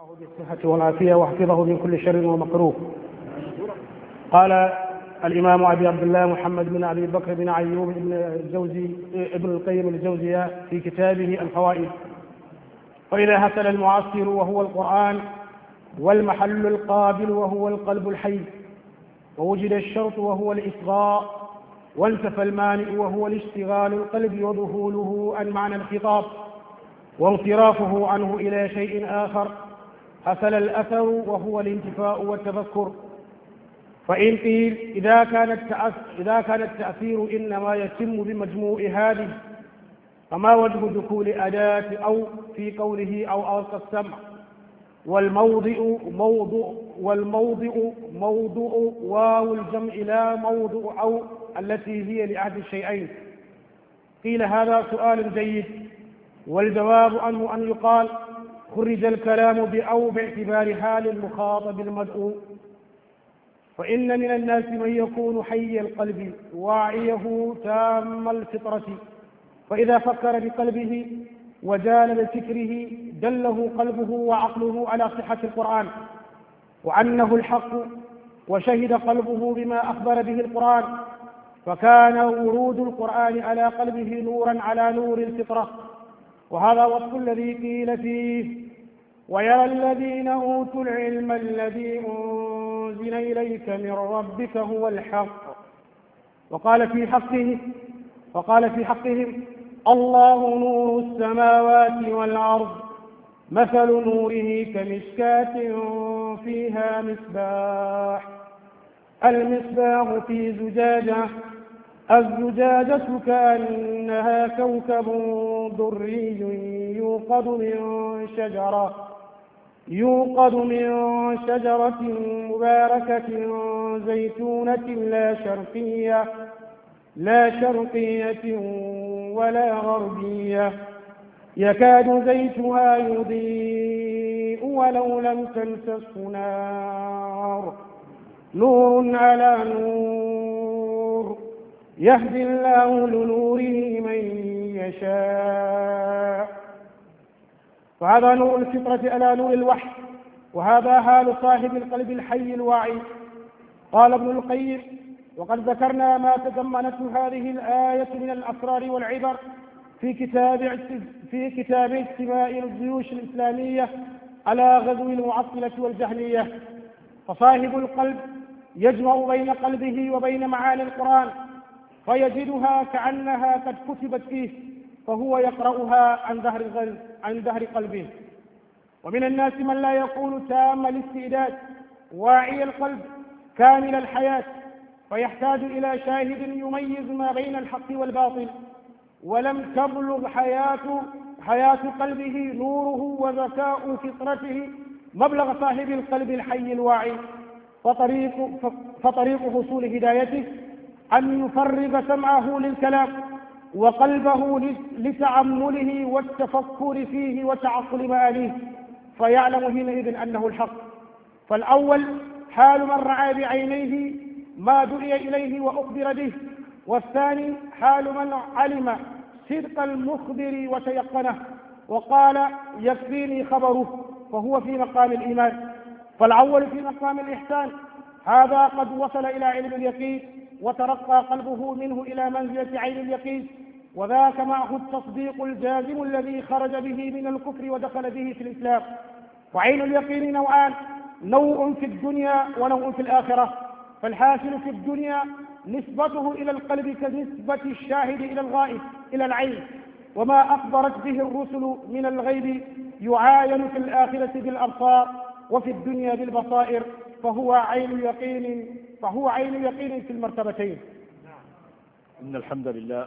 ومتعه بالصحة والعافية واحفظه من كل شر ومكروه قال الإمام أبي عبد الله محمد بن أبي بكر بن أيوب بن الجوزي ابن القيم الجوزية في كتابه الفوائد وإذا هتل المعاصر وهو القرآن والمحل القابل وهو القلب الحي ووجد الشرط وهو الإصغاء وانتفى المانئ وهو الاشتغال القلب وذهوله عن معنى الخطاب وانصرافه عنه إلى شيء آخر حصل الأثر وهو الانتفاء والتذكر فإن قيل إذا كان إذا كان التأثير إنما يتم بمجموع هذه فما وجه دخول أداة أو في قوله أو ألقى السمع والموضع موضع والموضع موضع واو الجمع لا موضع أو التي هي لأحد الشيئين قيل هذا سؤال جيد والجواب عنه أن يقال خرج الكلام بأو باعتبار حال المخاطب المدعو فإن من الناس من يكون حي القلب واعيه تام الفطرة فإذا فكر بقلبه وجال بفكره دله قلبه وعقله على صحة القرآن وأنه الحق وشهد قلبه بما أخبر به القرآن فكان ورود القرآن على قلبه نورا على نور الفطرة وهذا وصف الذي قيل فيه ويرى الذين أوتوا العلم الذي أنزل إليك من ربك هو الحق وقال في حقه وقال في حقهم الله نور السماوات والأرض مثل نوره كمشكاة فيها مصباح المصباح في زجاجة الزجاجة كأنها كوكب دري يوقد من شجرة يوقد من شجرة مباركة زيتونة لا شرقية لا شرقية ولا غربية يكاد زيتها يضيء ولو لم تمسسه نار نور على نور يهدي الله لنوره من يشاء فهذا نور الفطرة ألا نور الوحي وهذا حال صاحب القلب الحي الواعي قال ابن القيم وقد ذكرنا ما تضمنته هذه الآية من الأسرار والعبر في كتاب في كتاب اجتماع الجيوش الإسلامية على غزو المعطلة والجهلية فصاحب القلب يجمع بين قلبه وبين معاني القرآن فيجدها كأنها قد كتبت فيه فهو يقرأها عن ظهر الغيب عن ظهر قلبه ومن الناس من لا يكون تام الاستعداد واعي القلب كامل الحياة فيحتاج إلى شاهد يميز ما بين الحق والباطل ولم تبلغ حياة حياة قلبه نوره وذكاء فطرته مبلغ صاحب القلب الحي الواعي فطريق, فطريق حصول هدايته أن يفرغ سمعه للكلام وقلبه لتعمله والتفكر فيه وتعقل مآليه فيعلم حينئذ أنه الحق فالأول حال من رأى بعينيه ما دعي إليه وأخبر به والثاني حال من علم صدق المخبر وتيقنه وقال يكفيني خبره فهو في مقام الإيمان فالأول في مقام الإحسان هذا قد وصل إلى علم اليقين وترقى قلبه منه إلى منزلة عين اليقين وذاك معه التصديق الجازم الذي خرج به من الكفر ودخل به في الإسلام وعين اليقين نوعان نوع في الدنيا ونوع في الآخرة فالحاصل في الدنيا نسبته إلى القلب كنسبة الشاهد إلى الغائب إلى العين وما أخبرت به الرسل من الغيب يعاين في الآخرة بالأبصار وفي الدنيا بالبصائر فهو عين يقين فهو عين يقين في المرتبتين إن الحمد لله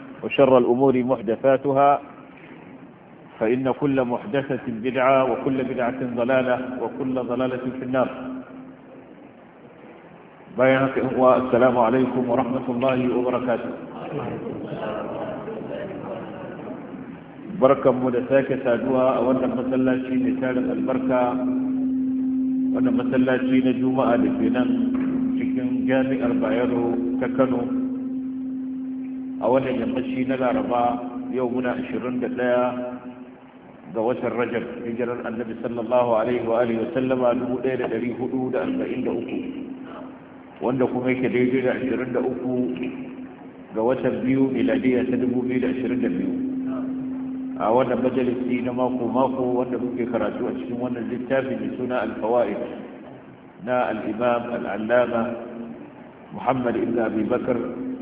وشر الأمور محدثاتها فإن كل محدثة بدعة وكل بدعة ضلالة وكل ضلالة في النار بيانك السلام عليكم ورحمة الله وبركاته بركة مدساكة سادوها أولا شين نسالة البركة وأنا مسلاتي نجوم آل فينا شكين جامع البعيرو تكنو a wannan yammaci na laraba yau muna 21 ga watan rajab hijirar annabi sallallahu alaihi wa alihi wasallama 1443 wanda kuma yake daidai da 23 ga watan biyu miladiya ta 2022 a wannan majalisi na mako-mako wanda muke karatu a cikin wannan littafi mai suna alfawa'id na al'imam al'allama muhammad ibn abi bakar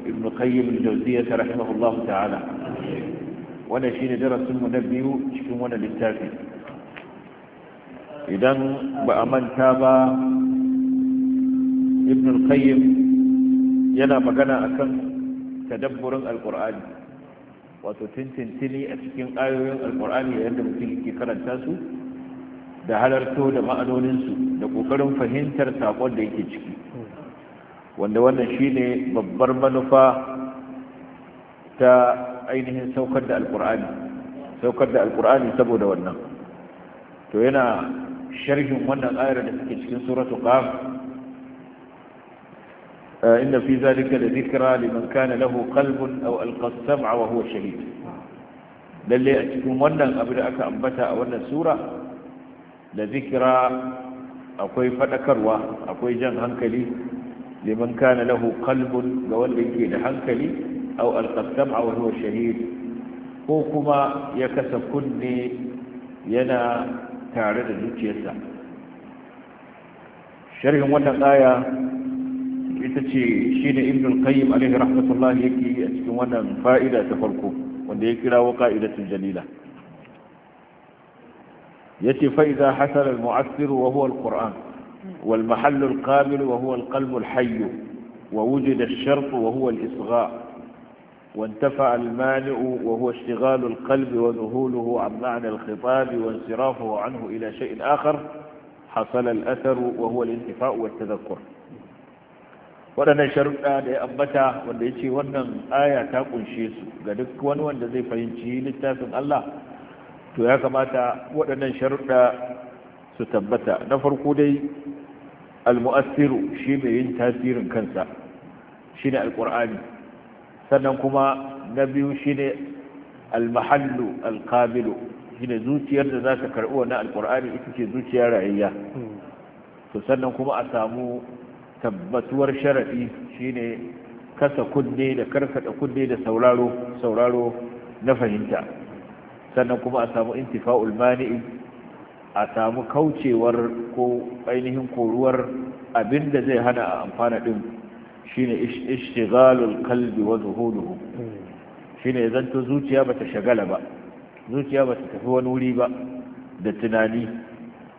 ibn qayyim al-jawziyya rahimahu ta'ala wannan shine darasin mu na biyu cikin wannan littafi idan ba a manta ba ibn qayyim yana magana akan tadabburin alqur'ani wato tintintini a cikin ayoyin alqur'ani yayin da mutum ke karanta su da halarto da ma'anoninsu da ƙoƙarin fahimtar saƙon da yake ciki wanda wannan shine babbar manufa ta ainihin saukar da alkur'ani saukar da alkur'ani saboda wannan to yana sharhin wannan ayar da suke cikin suratu qaf ah, inna fi zalika la dhikra liman kana lahu qalbun aw alqa as-sam'a huwa a cikin wannan abu da aka ambata a wannan sura la dhikra akwai fadakarwa akwai jan hankali liman kana lahu qalbun ga wanda yake da hankali aw alqasam aw huwa shahid ko kuma ya kasa kunne yana tare da zuciyarsa sharhin wannan aya ita ce shine ibn al-qayyim alaihi rahmatullah yake a cikin wannan fa'ida ta farko wanda ya kirawo qa'idatul jalila yace fa idza hasala al-mu'assir wa huwa al-qur'an والمحل القابل وهو القلب الحي ووجد الشرط وهو الإصغاء وانتفع المانع وهو اشتغال القلب وذهوله عن معنى الخطاب وانصرافه عنه إلى شيء آخر حصل الأثر وهو الانتفاء والتذكر waɗannan sharuɗa da ya ambata wanda ya ce wannan aya ta kunshe su الله duk wani wanda zai fahimci littafin su tabbata na farko dai almu'assiru shi mai yin tasirin kansa shine alqur'ani sannan kuma na biyu shine almahallu alqabilu shine zuciyar da zaka ta karbi wannan alqur'ani ita ce zuciyar rayayya to sannan kuma a samu tabbatuwar sharadi shine kasa kunne da karkada kunne da sauraro sauraro na fahimta sannan kuma a samu intifa'ul mani'i a samu kaucewar ko ainihin koruwar abin da zai hana a amfana din shine ishtighalul qalbi wa zuhuduhu shine ya zanto zuciya bata shagala ba zuciya bata tafi wani wuri ba da tunani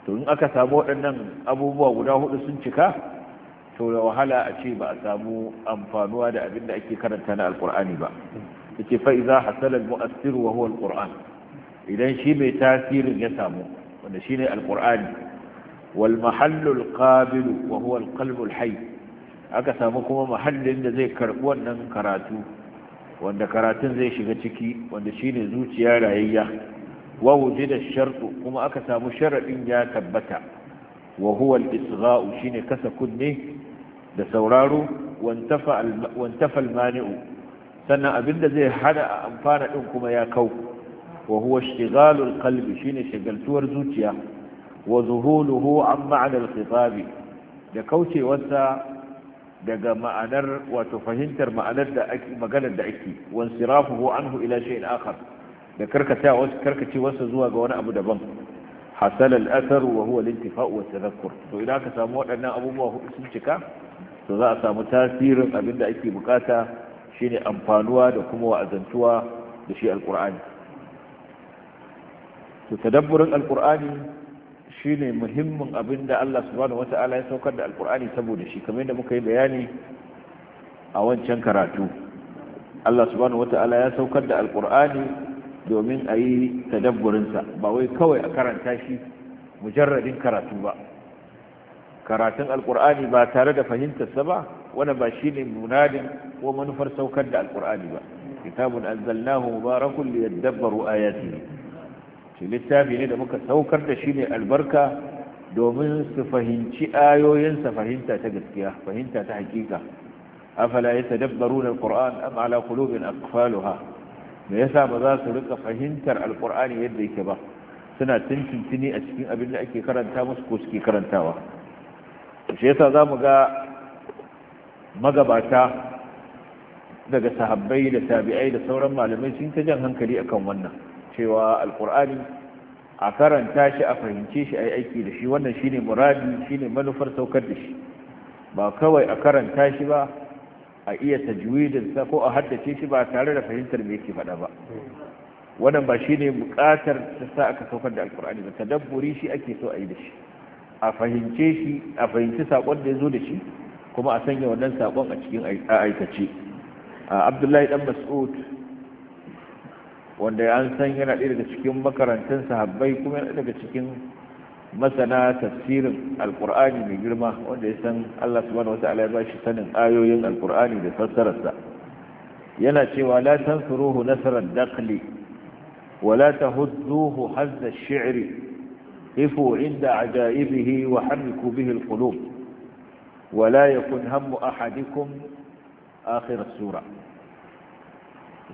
to in aka samu waɗannan abubuwa guda hudu sun cika to da wahala a ce ba a samu amfanuwa da abin da ake karanta na alkur'ani ba yace fa idza mu'assir wa huwa al idan shi mai tasirin ya samu wanda shi ne Alƙur'ani, mahallul qabil wa huwa alqalbul aka samu kuma mahallin da zai karɓi wannan karatu wanda karatun zai shiga ciki wanda shine zuciya rayayya wa da shartu kuma aka samu sharaɗin ya tabbata wa huwa al-isgha'u shine kasa kunne da sauraro wanta al-mani'u sannan abinda zai hada amfana ɗin kuma ya kau wa huwa ishtighalul qalbi shine shigaltuwar zuciya wa zuhuluhu an ma'anar khitabi da kaucewarsa daga ma'anar wato fahimtar ma'anar da ake maganar da ake wan sirafuhu anhu ila shay'in akhar da karkatawa karkacewarsa zuwa ga wani abu daban hasal al-athar wa huwa al-intifa'u wa tadhakkur to idan ka samu waɗannan abubuwa hudu sun cika to za a samu tasirin abin da ake bukata shine amfanuwa da kuma wa'azantuwa da shi alqur'ani to tadabburin alqur'ani shine muhimmin abin da Allah subhanahu wata'ala ya saukar da alqur'ani saboda shi kamar yadda muka yi bayani a wancan karatu Allah subhanahu wata'ala ya saukar da alqur'ani domin a yi tadabburinsa ba wai kawai a karanta shi mujarradin karatu ba karatun alkur'ani ba tare da fahimtarsa ba wani ba shi ne munadin ko manufar saukar da alkur'ani ba kitabun anzalnahu mubarakun liyadabbaru ayatihi to littafi ne da muka saukar da shi ne albarka domin su fahimci ayoyinsa fahimta ta gaskiya fahimta ta hakika afala yatadabbaruna alquran am ala qulubin aqfaluha me yasa ba za su rika fahimtar alqur'ani yadda yake ba suna tuntuntuni a cikin abin da ake karanta musu ko suke karantawa shi yasa za mu ga magabata daga sahabbai da tabi'ai da sauran malamai sun ta jan hankali akan wannan cewa alkur'ani a karanta shi a fahimce shi a yi aiki da shi wannan shi ne muradi shi ne manufar saukar da shi ba kawai a karanta shi ba a iya tajwidinsa ko a haddace shi ba tare da fahimtar me yake faɗa ba wannan ba shi ne buƙatar ta sa aka saukar da alkur'ani ba tadabburi shi ake so a yi da shi a fahimce shi a fahimci saƙon da ya zo da shi kuma a sanya wannan saƙon a cikin aikace abdullahi dan mas'ud wanda ya san yana ɗaya daga cikin makarantun sahabbai kuma yana daga cikin masana tafsirin alkur'ani mai girma wanda ya san Allah subhanahu wata'ala ya bashi sanin ayoyin alkur'ani da fassararsa yana cewa la tansuruhu nasarar dakhli wa la ash-shi'r ولا تهدوه حز الشعر قفوا عند عجائبه وحركوا wa la yakun يكن ahadikum akhir as السورة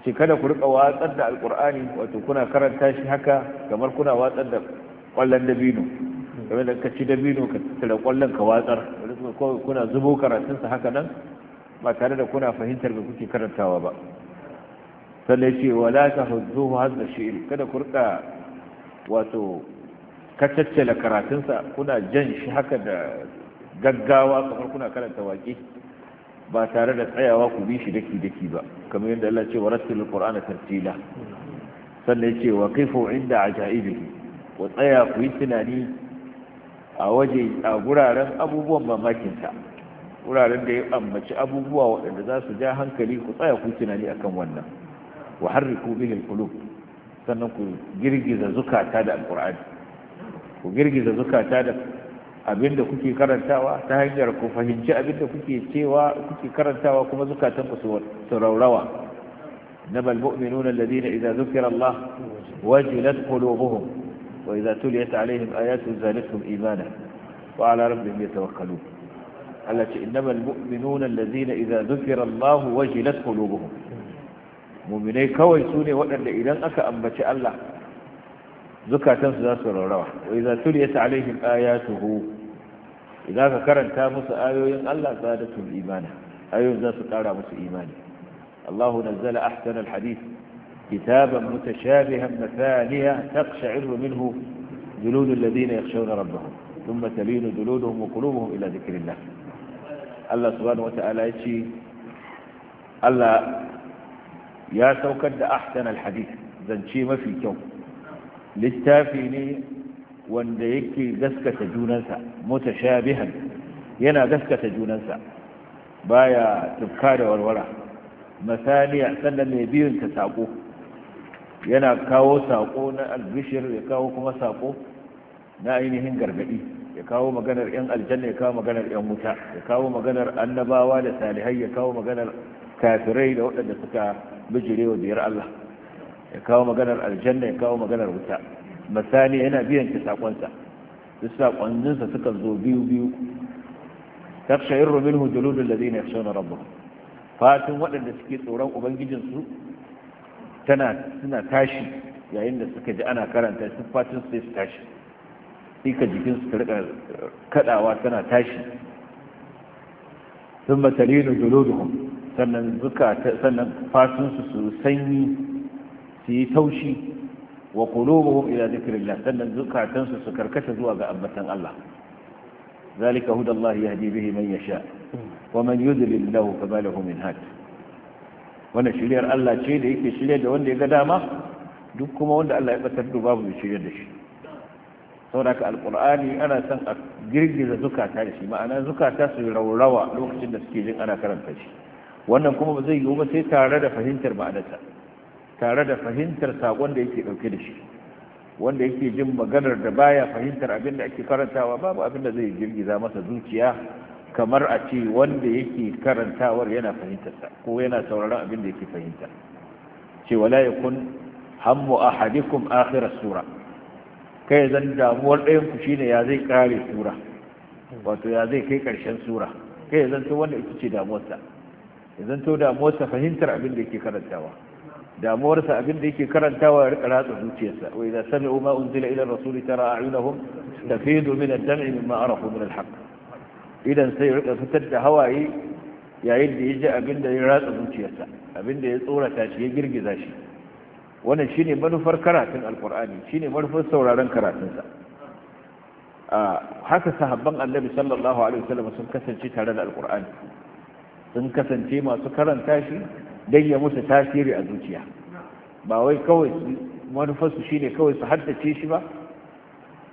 ce kada ku rika watsar da alkur'ani wato kuna karanta shi haka kamar kuna watsar da kwallon dabino kamar da ka ci dabino ka tattara kwallon ka watsar kuna zubo karatunsa haka nan ba tare da kuna fahimtar da kuke karantawa ba sannan ce wala ta hudu hazda shi'ir kada ku rika wato karatun karatunsa kuna jan shi haka da gaggawa kamar kuna karanta waƙe ba tare da tsayawa ku bi shi daki daki ba kamar yadda Allah ce wa rasul qur'ana tartila sannan ce wa kaifu inda ajaibihi ku tsaya ku yi tunani a waje a guraren abubuwan mamakin ta guraren da ya ambaci abubuwa waɗanda za su ja hankali ku tsaya ku yi tunani akan wannan wa harriku bihi alqulub sannan ku girgiza zukata da alqur'ani ku girgiza zukata da abinda kuke karantawa ta hanyar ku fahimci abinda kuke cewa kuke karantawa kuma zukatan su raurawa nabal mu'minuna alladhina idza dhukira Allah wajilat qulubuhum wa idza tuliyat alaihim ayatu zadatuhum imana wa ala rabbihim yatawakkalun Allah ce innama almu'minuna alladhina idza dhukira Allah wajilat qulubuhum mu'minai kawai sune waɗanda idan aka ambaci Allah zukatansu za su rarrawa wa iza tuliyat alaihim ayatuhu idan ka karanta musu ayoyin Allah zadatul imani ayoyin za su kara musu imani Allahu nazzala ahsana alhadith kitaban mutashabihan mathaniya taqsha'iru minhu julud alladhina yakhshawna rabbahum thumma talinu juluduhum wa qulubuhum ila dhikrillah Allah subhanahu wata'ala yace Allah ya saukar da ahsana alhadith zance mafi kyau littafi ne wanda yake gaskata junansa mutashabihan yana gaskata junansa baya tufka da warwara masaniya sannan mai biyun ta sako yana kawo sako na albishir ya kawo kuma sako na ainihin gargadi ya kawo maganar yan aljanna ya kawo maganar yan wuta ya kawo maganar annabawa da salihai ya kawo maganar kafirai da waɗanda suka bijirewa biyar Allah ya kawo maganar aljanna ya kawo maganar wuta misali yana biyan ki sakonsa duk sakonninsa suka zo biyu biyu takshayirru minhu juludul ladina yakhshawna rabbahum fatin waɗanda suke tsoron ubangijinsu tana suna tashi yayin da suka ji ana karanta sun fatin sai su tashi sai ka jikinsu ta rika kadawa tana tashi sun matalinu juluduhum sannan zuka sannan fatinsu su sanyi su yi taushi wa qulubuhum ila dhikrillah sannan zukatansu su karkata zuwa ga ambatan Allah zalika hudallahi yahdi bihi man yasha wa man yudlil lahu fama lahu min had wannan shiryar Allah ce da yake shirya da wanda ya ga dama duk kuma wanda Allah ya batar da babu mai shirye da shi saboda haka alqur'ani ana son a girgiza zukata da shi ma'ana zukata su raurawa lokacin da suke jin ana karanta shi wannan kuma ba zai yiwu ba sai tare da fahimtar ma'anarsa tare da fahimtar sakon da yake dauke da shi wanda yake jin maganar da baya fahimtar abin da ake karantawa babu abin da zai girgiza masa zuciya kamar a ce wanda yake karantawar yana fahimtarsa ko yana sauraron abin da yake fahimta ce wala yakun hammu ahadikum akhirar sura kai zan damuwar ɗayan ku shine ya zai kare sura wato ya zai kai karshen sura kai zan to wanda ita ce damuwarsa zan to damuwarsa fahimtar abin da yake karantawa damuwarsa abin da yake karantawa ya rika ratsa zuciyarsa wa idza sami'u ma unzila ila rasuli tara a'yunahum tafidu min ad-dam'i mimma arafu min al-haqq idan sai rika fitar da hawaye yayin da ya ji abin da ya ratsa zuciyarsa abin da ya tsorata shi ya girgiza shi wannan shine manufar karatun alqur'ani shine manufar sauraron karatunsa haka sahabban annabi sallallahu alaihi wasallam sun kasance tare da alqur'ani sun kasance masu karanta shi don ya musu tasiri a zuciya ba wai kawai manufarsu shine kawai su haddace shi ba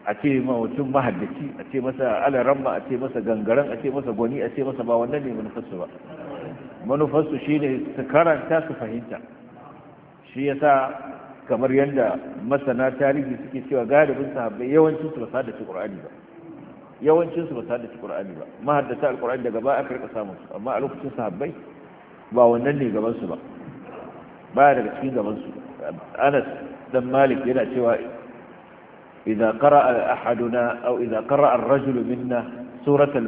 a ce mutum mahaddaci a ce masa alaramma a ce masa gangaren a ce masa gwani a ce masa ba wannan ne manufarsu ba manufarsu shine su karanta su fahimta shi yasa kamar yadda masana tarihi suke cewa galibin sahabbai yawancin su ba su haddace Qur'ani ba yawancin su ba su haddace Qur'ani ba mahaddata al daga ba aka rika samun amma a lokacin sahabbai ba wannan ne gabansu ba ba daga cikin gabansu anas dan malik yana cewa idan qara'a ahaduna aw idza qara'a ar-rajulu minna surat al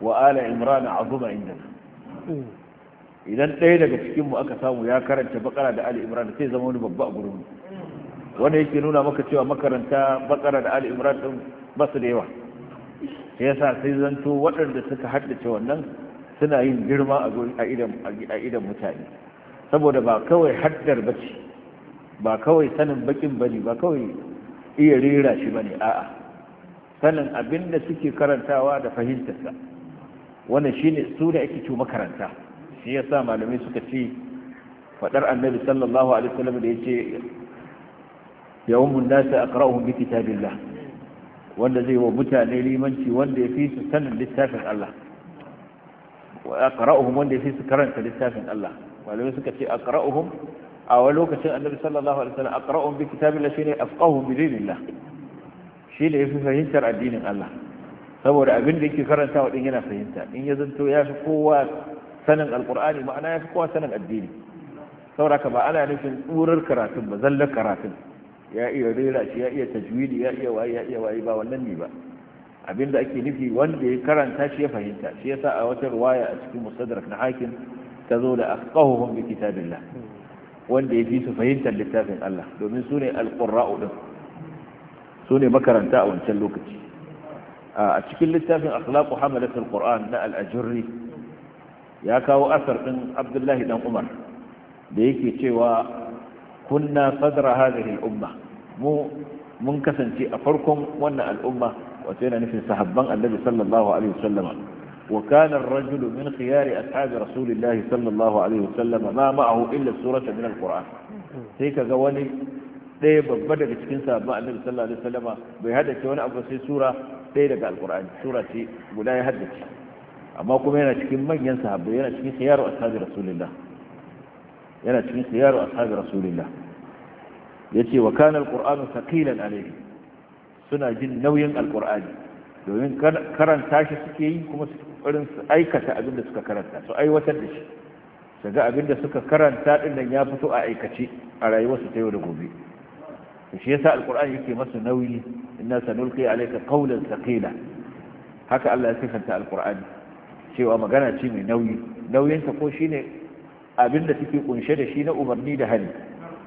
wa ala imran azuma indana idan ɗaya daga cikinmu aka samu ya karanta baqara da ali imran sai zama wani babba a gurin wanda yake nuna maka cewa makaranta bakara da ali imran din ba su da yawa sai yasa sai zanto waɗanda suka haddace wannan suna yin girma a idan mutane saboda ba kawai haddar ce, ba kawai sanin bakin bane ba kawai iya rera shi bane a'a sanin abin da suke karantawa da fahimtarsa wannan shine su da ake ce makaranta shi yasa malamai suka ce faɗar annabi sallallahu alaihi wasallam da yace yawmun nasu aqra'uhum bi kitabillah wanda zai wa mutane limanci wanda ya fi su sanin littafin Allah wa aqra'uhum wanda fi su karanta littafin Allah malamai suka ce aqra'uhum a wani lokacin annabi sallallahu alaihi wasallam aqra'uhum bi kitabillah shine afqahuhum bi dinillah shi ne yafi fahimtar addinin Allah saboda abin da yake karanta wa din yana fahimta in ya zanto ya fi kowa sanin alqur'ani ma'ana ya fi kowa sanin addini saboda ka ba ana nufin tsurar karatun ba zallar karatun ya iya rera shi ya iya tajwidi ya iya waye ya iya waye ba wannan ne ba Abin da ake nufi wanda ya karanta shi ya fahimta shi yasa a wata ruwaya a cikin mustadrak na hakin ta zo da afqahuhum bi kitabillah wanda ya fi su fahimtar littafin Allah domin su ne alqurra'u din su ne makaranta a wancan lokaci a cikin littafin akhlaqu hamalatul qur'an na al-ajurri ya kawo asar din Abdullahi dan Umar da yake cewa kunna sadra hadhihi al-umma mu mun kasance a farkon wannan al'umma wato yana nufin sahabban annabi sallallahu alaihi wasallama wa kana ar-rajul min khiyari ashabi rasulillahi sallallahu alaihi wasallama ma ma'ahu illa surata min al-qur'an sai kaga wani ɗaya babba daga cikin sahabban annabi sallallahu alaihi wasallama bai haddace wani abu sai sura ɗaya daga al-qur'ani sura ce guda ya haddace amma kuma yana cikin manyan sahabbai yana cikin khiyaru ashabi rasulillah yana cikin khiyaru ashabi rasulillah yace wa kana al-qur'anu thaqilan alayhi suna jin nauyin alkur'ani domin karanta shi suke yi kuma su ƙoƙarin su aikata abin da suka karanta su aiwatar da shi su ga abin da suka karanta ɗin nan ya fito a aikace a rayuwarsu ta yau da gobe shi yasa alkur'ani yake masa nauyi inna sanulqi alayka qawlan thaqila haka Allah ya sifanta alkur'ani cewa magana ce mai nauyi nauyin ta ko shine abin da take kunshe da shi na umarni da hali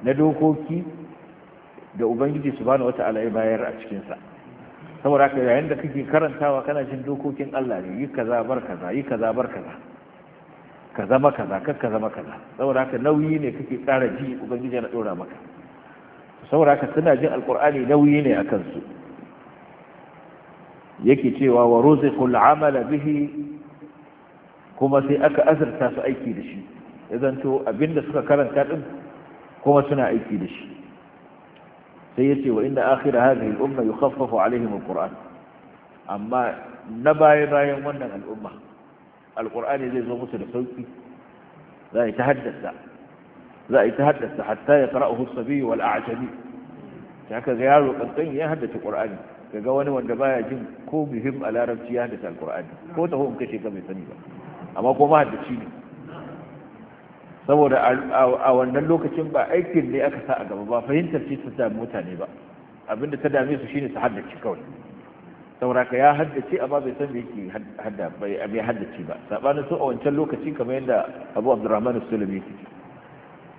na dokoki da ubangiji su bani wata ala'i bayar a cikin sa saboda haka yayin da kake karantawa kana jin dokokin Allah ne yi kaza bar kaza yi kaza bar kaza ka zama kaza kar ka zama kaza saboda haka nauyi ne kake tsara ji ubangiji na dora maka saboda haka suna jin alqur'ani nauyi ne akan su yake cewa wa ruziqul amala bihi kuma sai aka azurta su aiki da shi ya zanto abinda suka karanta din kuma suna aiki da shi sai ya ce wa inda akhir hadhihi al-umma yukhaffafu alaihim al-qur'an amma na bayan bayan wannan al'umma al-qur'ani zai zo musu da sauki za a ta haddasa za a ta haddasa hatta ya qara'uhu as-sabi wal a'jami ta ka ga yaro kankan ya haddace qur'ani kaga wani wanda baya jin ko muhim a larabci ya haddace al-qur'ani ko taho in kace ka bai sani ba amma ko ma haddaci ne saboda a wannan lokacin ba aikin ne aka sa a gaba ba fahimtar ce ta dami mutane ba abinda ta dame su shine su haddace kawai ka ya haddace amma bai san yake hadda bai haddace ba sabanin su a wancan lokaci kamar yadda Abu Abdurrahman Sulami yake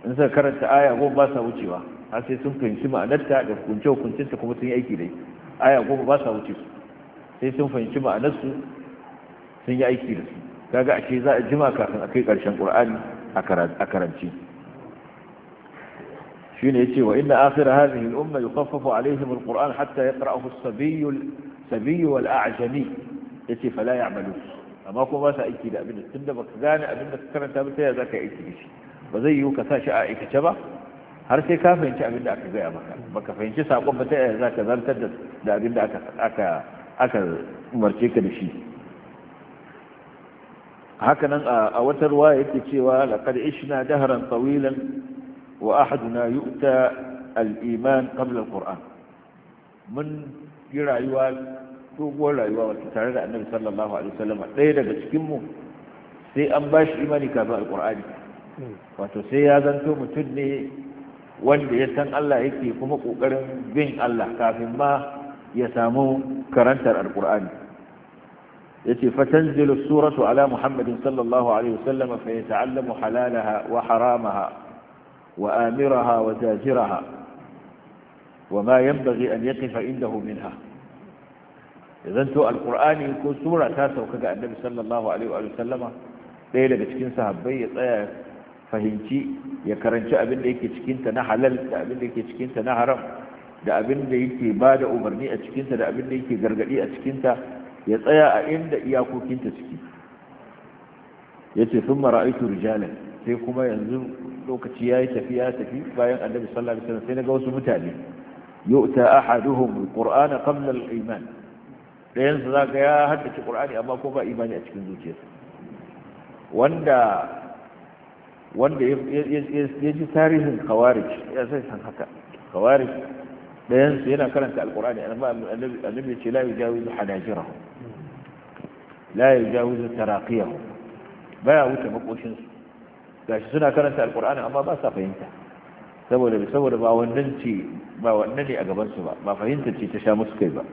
in sa karanta aya goma ba sa wucewa har sai sun fahimci ma'anarta da hukunce hukuncinta kuma sun yi aiki da aya goma ba sa wuce su sai sun fahimci ma'anarsu sun yi aiki da su kaga ce za a jima kafin a kai ƙarshen Qur'ani a karanci shi ne ya ce wa inna akhira hadhihi al-umma yukhaffafu alaihim al-qur'an hatta ya as-sabiy as-sabiy wal-a'jami yace fala ya'malu amma kuma ba sa aiki da abin tunda baka gane abin da ka karanta ba sai zaka aiki da shi ba zai yiwu ka sa shi a aikace ba har sai ka fahimci abin da aka gaya maka baka fahimci saƙon ba ta yaya zaka zartar da abin da aka aka aka umarce ka da shi hakanan a wata ruwa yake cewa laqad ishna dahran tawilan wa ahaduna yu'ta al-iman qabla al mun yi rayuwa tsohuwar rayuwa wata tare da annabi sallallahu alaihi wasallam ɗaya daga cikin mu sai an ba shi imani kafin alkur'ani wato sai ya zanto mutum ne wanda ya san Allah yake kuma kokarin bin Allah kafin ma ya samu karantar alkur'ani. yace fatanzilu suratu ala muhammadin sallallahu alaihi wasallam fa yata'allamu halalaha wa haramaha wa amiraha wa jaziraha wa ma yanbaghi an yaqifa indahu minha idan to alqur'ani ko sura ta sauka ga annabi sallallahu alaihi daga cikin sahabbai ya tsaya fahimci ya karanci abin da yake cikin ta na halal da abin da yake cikin na haram da abin da yake bada umarni a cikin ta da abin da yake gargadi a cikinta. ya tsaya a inda iyakokinta ciki ya ce sun mara aiki rijalin sai kuma yanzu lokaci ya yi tafi ya tafi bayan annabi sallallahu alaihi wasallam sai na ga wasu mutane yu'ta ahaduhum alqur'ana qabla al-iman dayan su zaka ya haddace qur'ani amma ko ba imani a cikin zuciyarsa wanda wanda ya ji tarihin khawarij ya sai san haka khawarij dayan su yana karanta alqur'ani amma annabi ya ce la yujawizu hanajirahum لا يجاوز تراقيه بايا وطا مقوشن لاش سنة كانت القرآن أما باسا فهينتا سبولة بسبولة باوننتي باوننني أقبان سبا ما فهينتا تي تشامس كيبا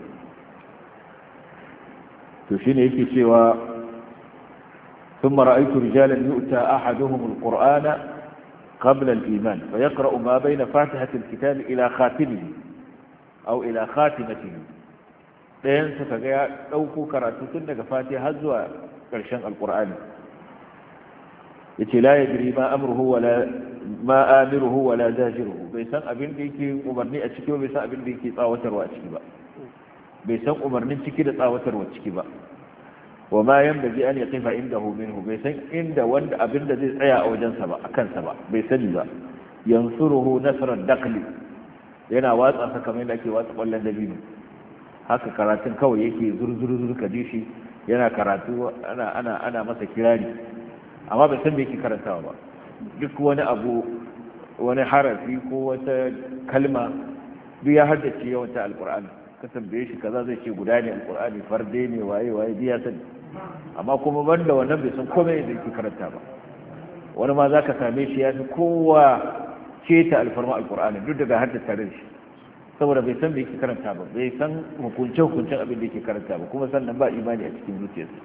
تشين ايكي سوا ثم رأيت رجالا يؤتى أحدهم القرآن قبل الإيمان فيقرأ ما بين فاتحة الكتاب إلى خاتمه أو إلى خاتمته ɗayansa kaga ya ɗauko karatu tun daga fati har zuwa ƙarshen alƙur'ani ya ce la ya jiri ma amurhu wala la wala zajiruhu bai san abin da yake umarni a ciki ba bai san abin da yake tsawatarwa a ciki ba bai san umarnin ciki da tsawatarwa ciki ba wa ma yan baji an yaqifa indahu minhu bai san inda wanda abin da zai tsaya a wajensa ba a kansa ba bai sani ba yansuruhu nasran dakli yana watsa sa kamar yadda ake watsa kwallon dabino haka karatun kawai yake zurzurzur ka ji shi yana karatu ana ana ana masa kirari amma bai san me yake karantawa ba duk wani abu wani harafi ko wata kalma duk ya haddace yawancin alkur'ani ka tambaye shi kaza zai ce guda ne alkur'ani farde ne waye waye biya sani amma kuma banda wannan bai san komai da yake karanta ba wani ma za ka same shi ya fi kowa keta alfarma alkur'ani duk daga haddace tare da shi saboda bai san bai ke karanta ba bai san hukunce hukuncen abin da yake karanta ba kuma sannan ba imani a cikin zuciyarsa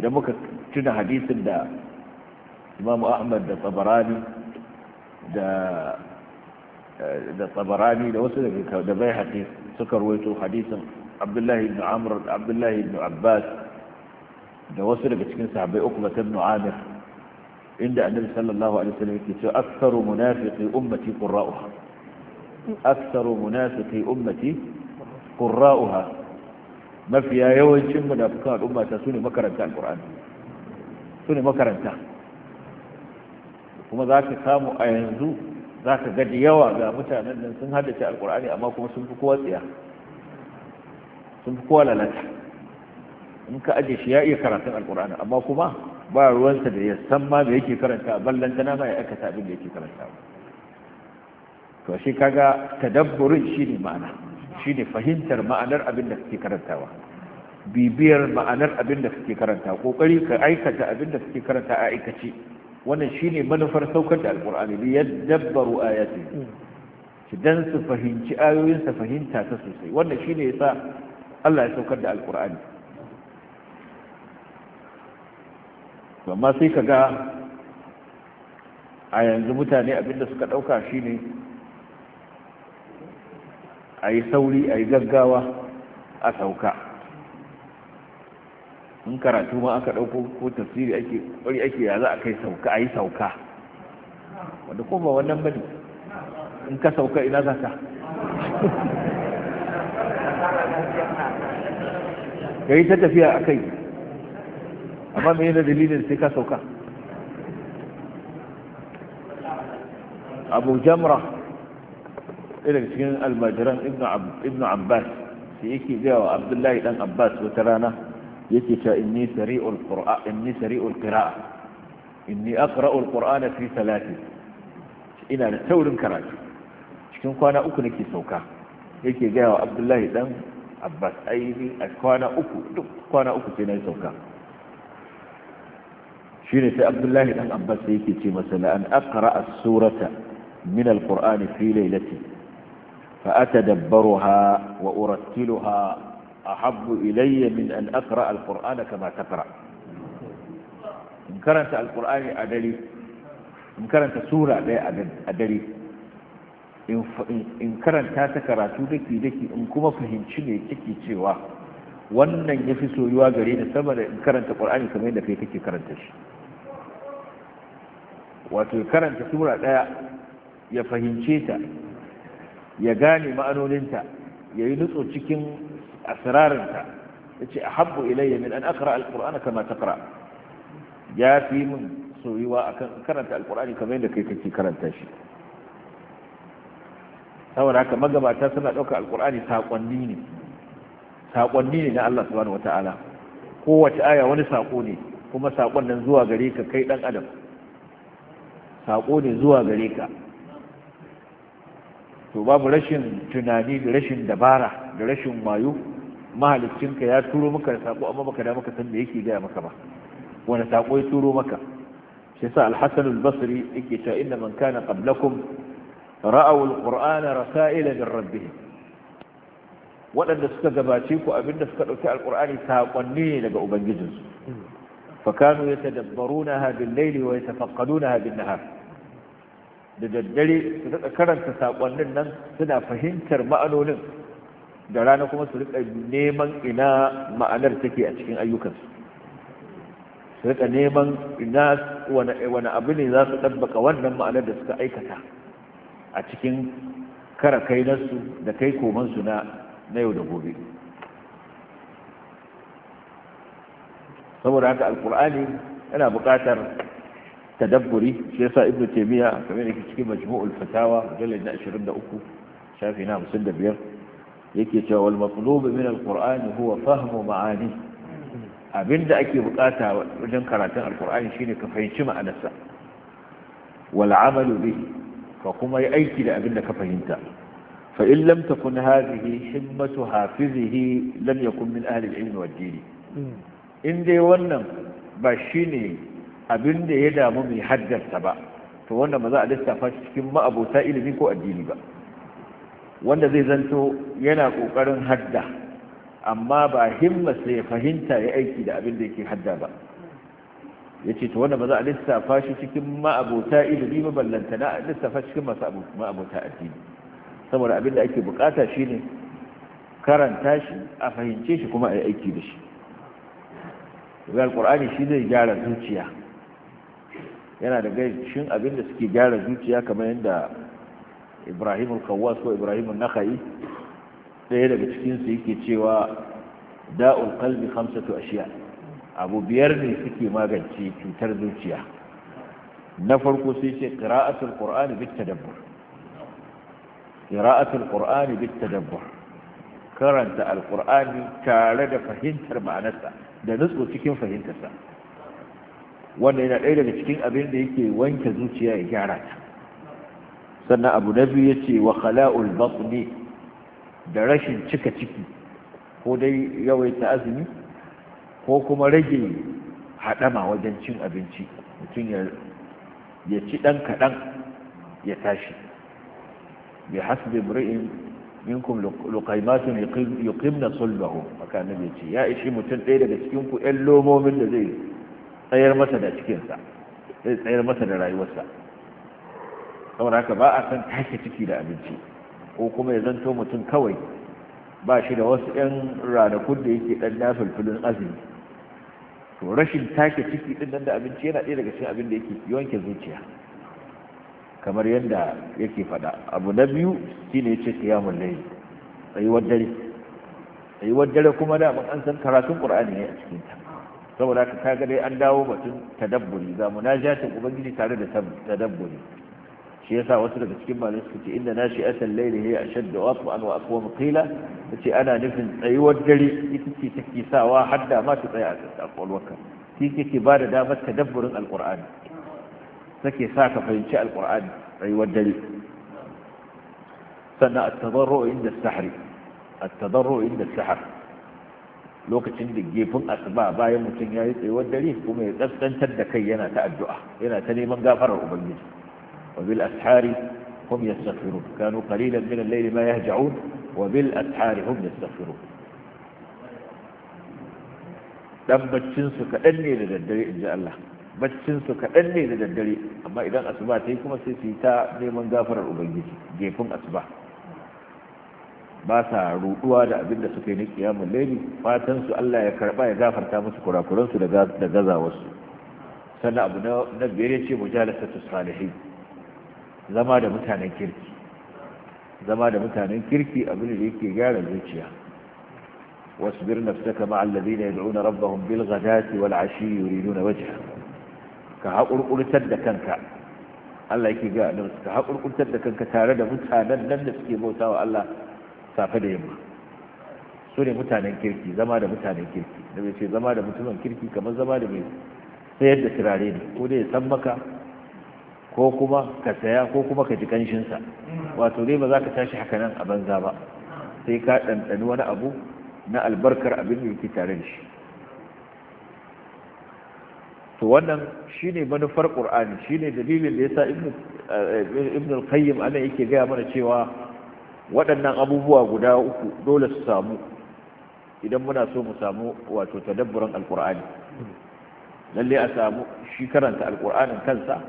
idan muka tuna hadisin da imamu ahmad da tsabarani da da tsabarani da wasu daga da bai haƙi suka ruwaito hadisin abdullahi ibn amr da abdullahi ibn abbas da wasu daga cikin sahabbai uku ba ibn amir inda annabi sallallahu alaihi wasallam yake cewa aktharu munafiqi ummati qurra'uha aksaru munafiki ummati qurra'uha mafiya yawancin munafikan al'umma ta sune makaranta alqur'ani sune makaranta kuma za ka samu a yanzu za ka gaji yawa ga mutanen nan sun haddace alqur'ani amma kuma sun fi kowa tsiya sun fi kowa lalata in ka aje shi ya iya karatun alqur'ani amma kuma ba ruwansa da ya san ma da yake karanta ballantana ma ya aikata abin da yake karanta ba to shi kaga tadabburin shi ne ma'ana shi ne fahimtar ma'anar abin da suke karantawa bibiyar ma'anar abin da suke karanta kokari ka aikata abin da suke karanta a aikace wannan shine manufar saukar da alqur'ani bi yadabbaru ayati shi dan su fahimci ayoyin sa fahimta ta sosai wannan shine yasa Allah ya saukar da alqur'ani to amma sai kaga a yanzu mutane abin da suka dauka shine a yi sauri a yi gaggawa a sauka in karatu ma aka ɗauko ko tafsiri ake ƙwari ake ya za a kai sauka a yi sauka wadda ko ba wannan bane in ka sauka ina za ka ka yi ta tafiya a kai amma mai yana dalilin sai ka sauka abu jamra ɗaya daga cikin almajiran ibnu abbas sai yake gaya wa abdullahi dan abbas wata rana yake cewa inni sari'ul qur'a inni sari'ul qira'a inni aqra'ul qur'ana fi salati ina da taurin karatu cikin kwana uku nake sauka yake gaya wa abdullahi dan abbas aini a kwana uku duk kwana uku sai na sauka shine sai abdullahi dan abbas yake ce masa la an aqra'a surata min al-qur'ani fi laylati فأتدبرها وأرتلها أحب إلي من أن أقرأ القرآن كما تقرأ إن كرنت القرآن أدلي إن كرنت سورة لا أدلي in karanta ta karatu daki daki in kuma fahimci ne kike cewa wannan ya fi soyuwa gare ni sama da in karanta ƙwar'ani kamar yadda kai kake karanta shi wato karanta sura ya fahimce ta ya gane ma'anoninta ya yi nutso cikin asirarinta ya ce a habbu ilayya min an akara alkur'ana kama ta kara ya fi min soyuwa a karanta alkur'ani kamar yadda kai kake karanta shi saboda haka magabata suna ɗaukar alkur'ani saƙonni ne saƙonni ne na Allah subhanahu ko kowace aya wani saƙo ne kuma saƙon nan zuwa gare ka kai ɗan adam saƙo ne zuwa gare ka to babu rashin tunani da rashin dabara da rashin wayo mahalicinka ya turo maka da sako amma baka da maka san me yake gaya maka ba wani sako ya turo maka shi sa al basri yake cewa inna man kana qablakum ra'aw rasaila min rabbihim waɗanda suka gabace ku abinda suka ɗauki Alkur'ani saƙonni ne daga ubangijinsu fakanu ya tadabbaruna ha bin laili wa ya ha bin nahar da daddare su rika karanta saƙonnin nan suna fahimtar ma'anonin da rana kuma su rika neman ina ma'anar take a cikin ayyukansu su rika neman ina wani abu ne za su ɗabbaka wannan ma'anar da suka aikata a cikin kara kai nasu da kai komansu na na yau da gobe saboda haka alkur'ani yana buƙatar tadabburi shi yasa ibnu taymiya kamar yake cikin majmu'ul fatawa mujallad na 23 shafi na 55 yake cewa wal matlub min alquran huwa fahmu ma'ani abinda ake bukata wajen karatun alqur'ani shine ka fahimci ma'anarsa wal amalu bihi ka kuma yi aiki da abinda ka fahimta fa in lam takun hadhihi himmatu hafizihi lam yakun min ahli al-ilm wad-din hmm. in dai wannan ba shine abin da ya damu mai haddarsa ba to wanda ba za a lissafa cikin ma'abota ilimi ko addini ba wanda zai zanto yana ƙoƙarin hadda amma ba himmasa ya fahimta ya aiki da abin da yake hadda ba ya ce to wanda ba za a lissafa shi cikin ma'abota ilimi ba ballanta na a lissafa cikin masu ma'abota addini saboda abin da ake bukata shi ne karanta shi a fahimce shi kuma a yi aiki da shi ga Alƙur'ani shi zai gyara zuciya yana da gaishin abinda suke gyara zuciya kamar yadda ibrahim al-kawwas ko ibrahim al-nakhai ɗaya daga cikinsu yake cewa da'ul qalbi khamsatu ashiya abu biyar ne suke magance cutar zuciya na farko sai ce qira'atul qur'ani bit tadabbur qira'atul qur'ani bit tadabbur karanta Alƙur'ani tare da fahimtar ma'anarsa da nutsu cikin fahimtarsa Wannan yana ɗaya daga cikin abin da yake wanke zuciya ya gyara ta sannan abu na biyu ya ce wa khala'ul ne da rashin cika ciki ko dai yawaita azumi ko kuma rage haɗama wajen cin abinci mutum ya ci ɗan kaɗan ya tashi bi hasbi mri'in minkum luqaymatun yuqimna sulbahu haka nabi ya ce ya ishi mutum ɗaya daga cikin ku ƴan lomomin da zai tsayar masa da cikinsa zai tsayar masa da rayuwarsa saboda haka ba a san take ciki da abinci ko kuma ya zanto mutum kawai ba shi da wasu 'yan ranakun da yake ɗan filin azumi to rashin take ciki ɗin nan da abinci yana ɗaya daga cikin abin da yake wanke zuciya kamar yadda yake faɗa abu na biyu shine yace qiyamul layl tsayuwar dare tsayuwar dare kuma da an san karatun qur'ani ne a cikin ta saboda ka kaga dai an dawo batun tadabburi ga munajatin ubangiji tare da tadabburi shi yasa wasu daga cikin malamai suka ce inda nashi'atul layli hiya ashaddu wat'an wa aqwam qila tace ana nufin tsayuwar dare ita ce take sawa hadda ma ta tsaya a kwalwarka shi yake ba da damar tadabburin alqur'ani take sa ka fahimci alqur'ani tsayuwar dare sannan at-tadarru inda as-sahri at-tadarru inda as-sahri lokacin da gefin asuba bayan mutum ya yi tsayuwar dare kuma ya tsantsantar da kai yana ta addu'a yana ta neman gafarar ubangiji wa bil ashari hum yastaghfirun kanu qalilan min al-layli ma yahja'un wa bil ashari hum yastaghfirun dan baccin su kadan ne da daddare in ji Allah baccin su kadan ne da daddare amma idan asuba ta yi kuma sai su yi ta neman gafarar ubangiji gefin asuba ba sa ruduwa da abin da suka yi na kiyamun laili fatan su Allah ya karba ya gafarta musu kurakuran su da gazawar su sannan abu na biyar ya ce mujalasatu salihin zama da mutanen kirki zama da mutanen kirki abin da yake gyara zuciya واصبر نفسك مع الذين يدعون ربهم بالغداة والعشي يريدون ka كهقر da kanka Allah yake ga nan ka hakurkurtar da kanka tare da mutanen nan da suke bauta wa Allah safe da yamma su ne mutanen kirki zama da mutanen kirki da bai ce zama da mutumin kirki kamar zama da mai sayar da turare ne ko dai san maka ko kuma ka saya ko kuma ka ji kanshinsa wato dai ba za ka tashi haka nan a banza ba sai ka ɗanɗani wani abu na albarkar abin da yake tare da shi to wannan shine manufar qur'ani shine dalilin da yasa ibnu eh, ibnu al-qayyim ana yake gaya mana cewa waɗannan abubuwa guda uku dole su samu idan muna so mu samu wato tadabburan alkur'ani lalle a samu shi karanta alkur'anin kansa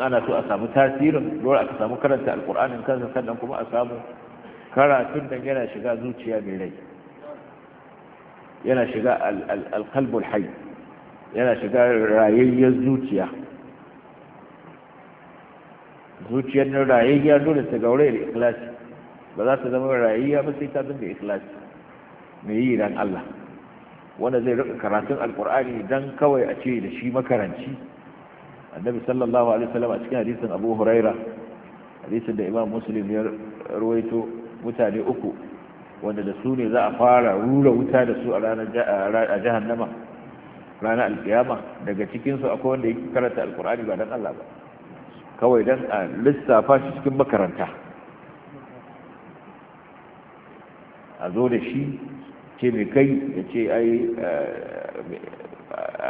ana so a samu tasirin dole aka samu karanta alkur'anin kansa sannan kuma a samu karatun da yana shiga zuciya mai rai yana shiga alkalbul hayy yana shiga rayayyar zuciya zuciyar rayayyar dole ta gaurayar ikhlasi ba za ta zama rayuwa ba sai ta zama ikhlasi mai yi ran Allah wanda zai rika karatun alkur'ani dan kawai a ce da shi makaranci annabi sallallahu alaihi wasallam a cikin hadisin abu huraira hadisin da imam muslim ya ruwaito mutane uku wanda da su ne za a fara rura wuta da su a ranar jahannama ranar alkiyama daga cikinsu akwai wanda ya karanta alkur'ani ba dan Allah ba kawai dan a lissafa shi cikin makaranta a zo da shi ce mai kai ya ce ai eh,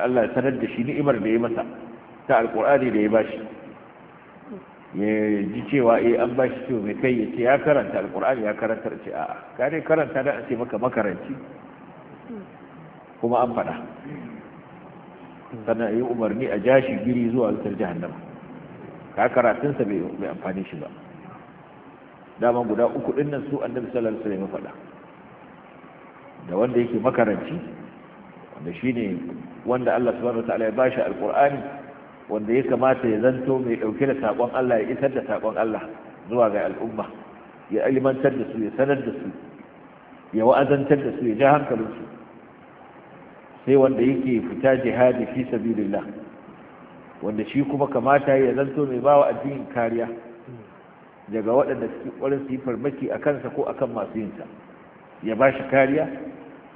Allah sanar da shi ni'imar da ya masa ta alkur'ani da ya ba shi ya ji cewa eh an shi ce mai kai ya ce ya karanta alkur'ani ya karanta ce a kare karanta da a ce maka makaranci kuma an faɗa sannan yi umarni a jashi giri zuwa wutar jahannama ka karatunsa bai amfani shi ba dama guda uku ɗin nan su annabi sallallahu alaihi wasallam ya faɗa da wanda yake makaranci wanda shi ne wanda Allah subhanahu ta'ala ya bashi alqur'ani wanda ya kamata ya zanto mai dauke da sakon Allah ya isar da sakon Allah zuwa ga al'umma ya alimantar da su ya sanar da su ya wa'azantar da su ya ja su, sai wanda yake fita jihadi fi sabilillah wanda shi kuma kamata ya zanto mai bawa addinin kariya daga waɗanda suke ƙwarin su yi farmaki a kansa ko akan masu yinsa ya ba shi kariya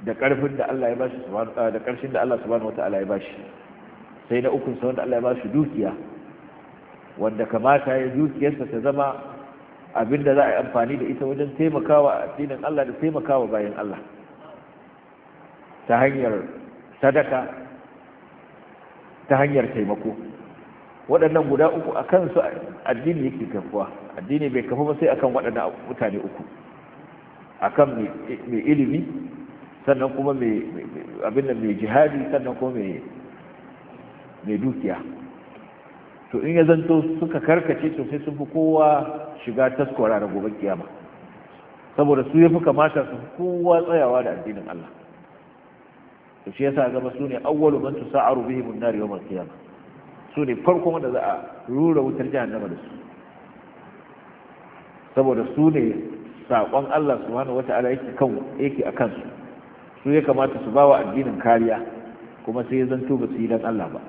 da ƙarfin da Allah ya ba shi da ƙarshen da Allah subhanahu wata'ala ya ba shi sai na ukun wanda Allah ya ba shi dukiya wanda kamata ya dukiyarsa ta zama abin da za a yi amfani da ita wajen taimakawa addinin Allah da taimakawa bayan Allah ta hanyar sadaka ta hanyar taimako waɗannan guda uku a kansu addini yake kafuwa addini bai kafu ba sai akan waɗannan mutane uku akan mai ilimi sannan kuma mai abin da mai jihadi sannan kuma mai dukiya to in ya zanto suka karkace sosai sun fi kowa shiga taskwara da gobe kiyama saboda su ya fi kamata su kowa tsayawa da addinin Allah to shi yasa zama su ne awwalu man tusa'aru bihi min nar yawm al-qiyamah su ne farko wanda za a rura wutar jahannama da su saboda su ne saƙon Allah subhanahu wata'ala yake kan yake a kansu su ya kamata su bawa addinin kariya kuma sai ya zanto ba su yi dan Allah ba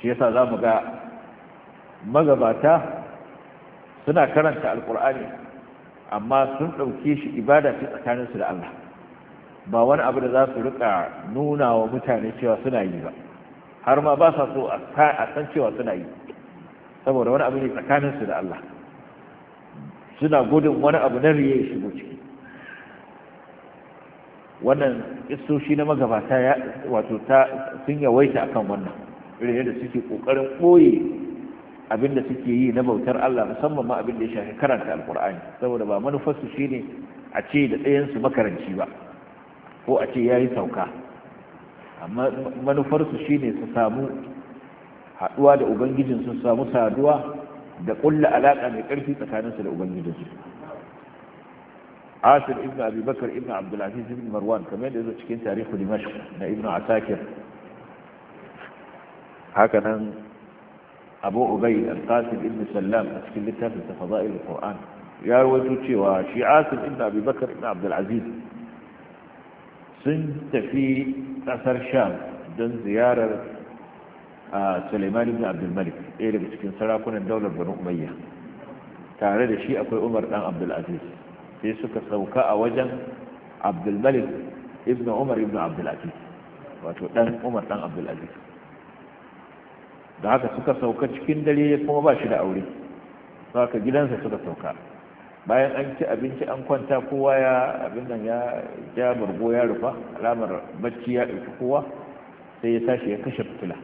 shi yasa za mu ga magabata suna karanta alkur'ani amma sun ɗauke shi ibada ce tsakaninsu da Allah ba wani abu da za su riƙa nuna wa mutane cewa suna yi ba har ma ba sa so a san cewa suna yi saboda wani abu ne tsakaninsu da Allah suna gudun wani abu na riye ya shigo ciki wannan istoshi na magabata ya wato ta sun yawaita akan wannan riye da suke kokarin koye abin da suke yi na bautar Allah musamman ma abin da ya shafi karanta alkur'ani saboda ba manufarsu shine a ce da ɗayansu makaranci ba ko a ce ya yi sauka amma manufarsu shine su samu haɗuwa da ubangijin su samu saduwa da kulla alaƙa mai ƙarfi tsakaninsa da ubangijinsu asir ibn abi bakar ibn abdulaziz ibn marwan kamar yadda zo cikin tarihu dimashq na ibn asakir haka nan abu ubay al-qasim ibn sallam a cikin littafin ta fada'il al-qur'an ya rawaito cewa shi asir ibn abi bakar ibn abdulaziz sun tafi ƙasar sham don ziyarar A Suleiman ibn Abdul Malik ɗaya daga cikin sarakunan daular Banu Umayya tare da shi akwai Umar dan Abdul Aziz sai suka sauka a wajen Abdul Malik ibn Umar ibn Abdul Aziz wato dan Umar dan Abdul Aziz da haka suka sauka cikin dare kuma ba shi da aure haka gidansa suka sauka bayan an ci abinci an kwanta kowa ya abin nan ya ja bargo ya rufa alamar bacci ya ɗauki kowa sai ya tashi ya kashe fitila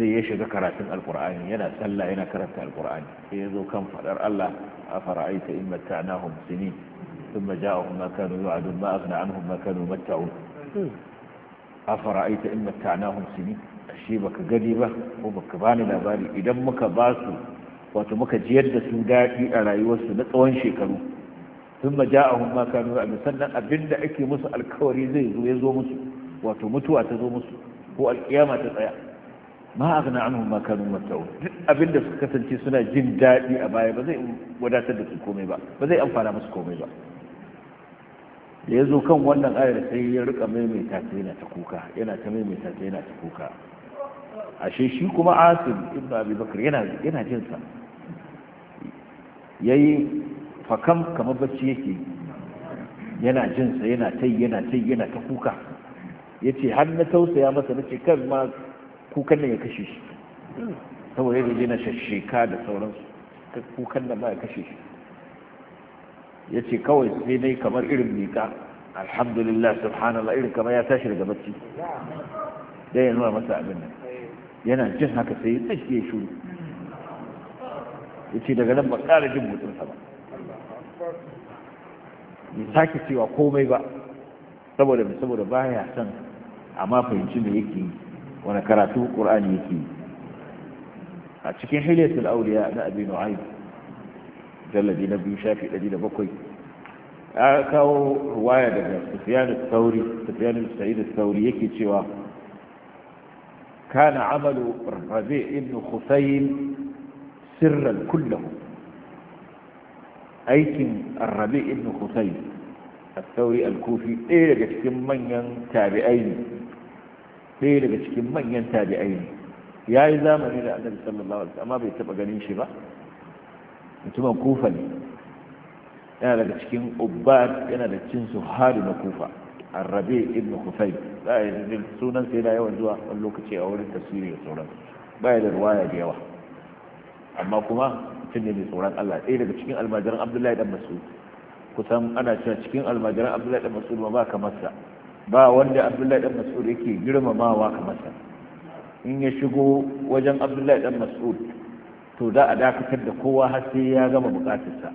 sai ya shiga karatun alkur'ani yana sallah yana karanta alkur'ani sai ya zo kan fadar Allah a fara'aita in matta'nahum sinin thumma ja'ahum ma kanu yu'adun ma na an ma kanu matta'un a fara'aita in matta'nahum sinin ashe baka gani ba ko baka bani labari idan muka ba su wato muka jiyar da su daɗi a rayuwarsu na tsawon shekaru sun thumma ja'ahum ma kanu yu'adun sannan abinda ake musu alkawari zai zo ya zo musu wato mutuwa ta zo musu ko alkiyama ta tsaya ma gana anhum ma kanu matau, abinda suka kasance suna jin daɗi a baya ba zai wadatar da su komai ba ba zai amfana musu komai ba da ya zo kan wannan ayar sai ya rika maimaita ta yana ta kuka yana ta maimaita ta yana ta kuka ashe shi kuma asim ibn abi bakr yana yana jin sa yayi fakam kamar bacci yake yana jin sa yana tai yana yana ta kuka yace har na tausaya masa nace kan ma kukan nan ya kashe shi saboda ya je da sauransu kukan nan ba ya kashe shi ya ce kawai sai dai kamar irin miƙa alhamdulillah subhanallah irin kamar ya tashi daga bacci dai ya nuna masa abin nan yana jin haka sai ya tashi ya shuru ya ce daga nan ba kara jin mutunsa ba ya sake cewa komai ba saboda baya son amma fahimci me yake yi wani karatu ƙur'ani yake a cikin hilyatul auliya na abin nu'aib jalladi na biyu shafi ɗari da bakwai ya kawo ruwaya daga sufiyanu sauri sufiyanu sa'idu sauri yake cewa kana amalu rabe ibn husayn sirran kullahu aikin rabi ibn husayn al-kofi ɗaya daga cikin manyan tabi'ai ne ɗaya daga cikin manyan tabi'ai ne ya yi zamani da annabi sallallahu alaihi amma bai taɓa ganin shi ba mutumin kufa ne yana daga cikin ubbad yana da cin su hari na kufa arrabe ibn kufai za a yi sunan sai na yawan zuwa wani lokaci a wurin tasiri da sauran ba da ruwaya da yawa amma kuma mutum ne mai tsoron Allah ɗaya daga cikin almajiran Abdullahi dan masu kusan ana cewa cikin almajiran Abdullahi dan ma ba kamar sa. ba wanda abdullahi dan mas'ud yake girmamawa kamar sa in ya shigo wajen abdullahi dan mas'ud to za a dakatar da kowa har sai ya gama bukatarsa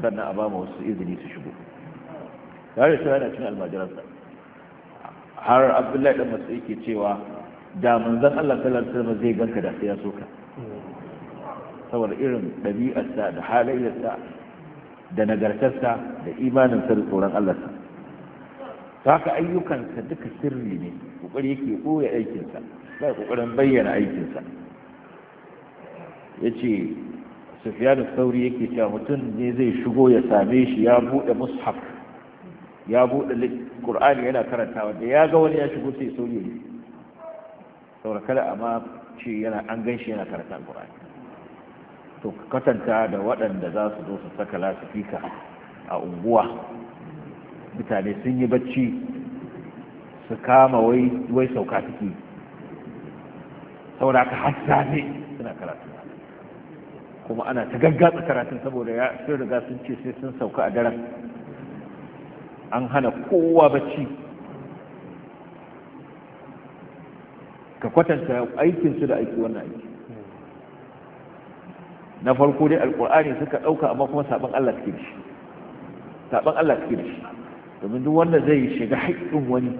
sannan a ba mu wasu izini su shigo tare da yana cin almajiransa har abdullahi dan mas'ud yake cewa da manzon Allah sallallahu alaihi wasallam zai ganka da sai ya soka saboda irin ɗabi'arsa da halayyarsa da nagartarsa da imaninsa da tsoron Allah haka ayyukansa duka sirri ne kokari yake koya aikinsa ba kokarin bayyana aikinsa yace da sauri yake cewa mutum ne zai shigo ya same shi ya bude mushaf ya bude qur'ani yana karantawa da ya ga wani ya shigo sai sauri ne saboda kada amma ce yana an ganshi yana karanta ƙur'ani, to katanta da waɗanda za su zo su saka lasifika a unguwa mutane sun yi bacci su kama wai sauka suke saboda aka hasa ne suna karatu kuma ana ta gaggatsa karatun saboda ya sai riga sun ce sai sun sauka a daren an hana kowa bacci ka kwatanta aikinsu da aiki wannan aiki na farko dai alkur'ani suka ɗauka amma kuma saɓon allah suke da shi saɓon allah suke da shi domin duk wanda zai shiga haƙƙin wani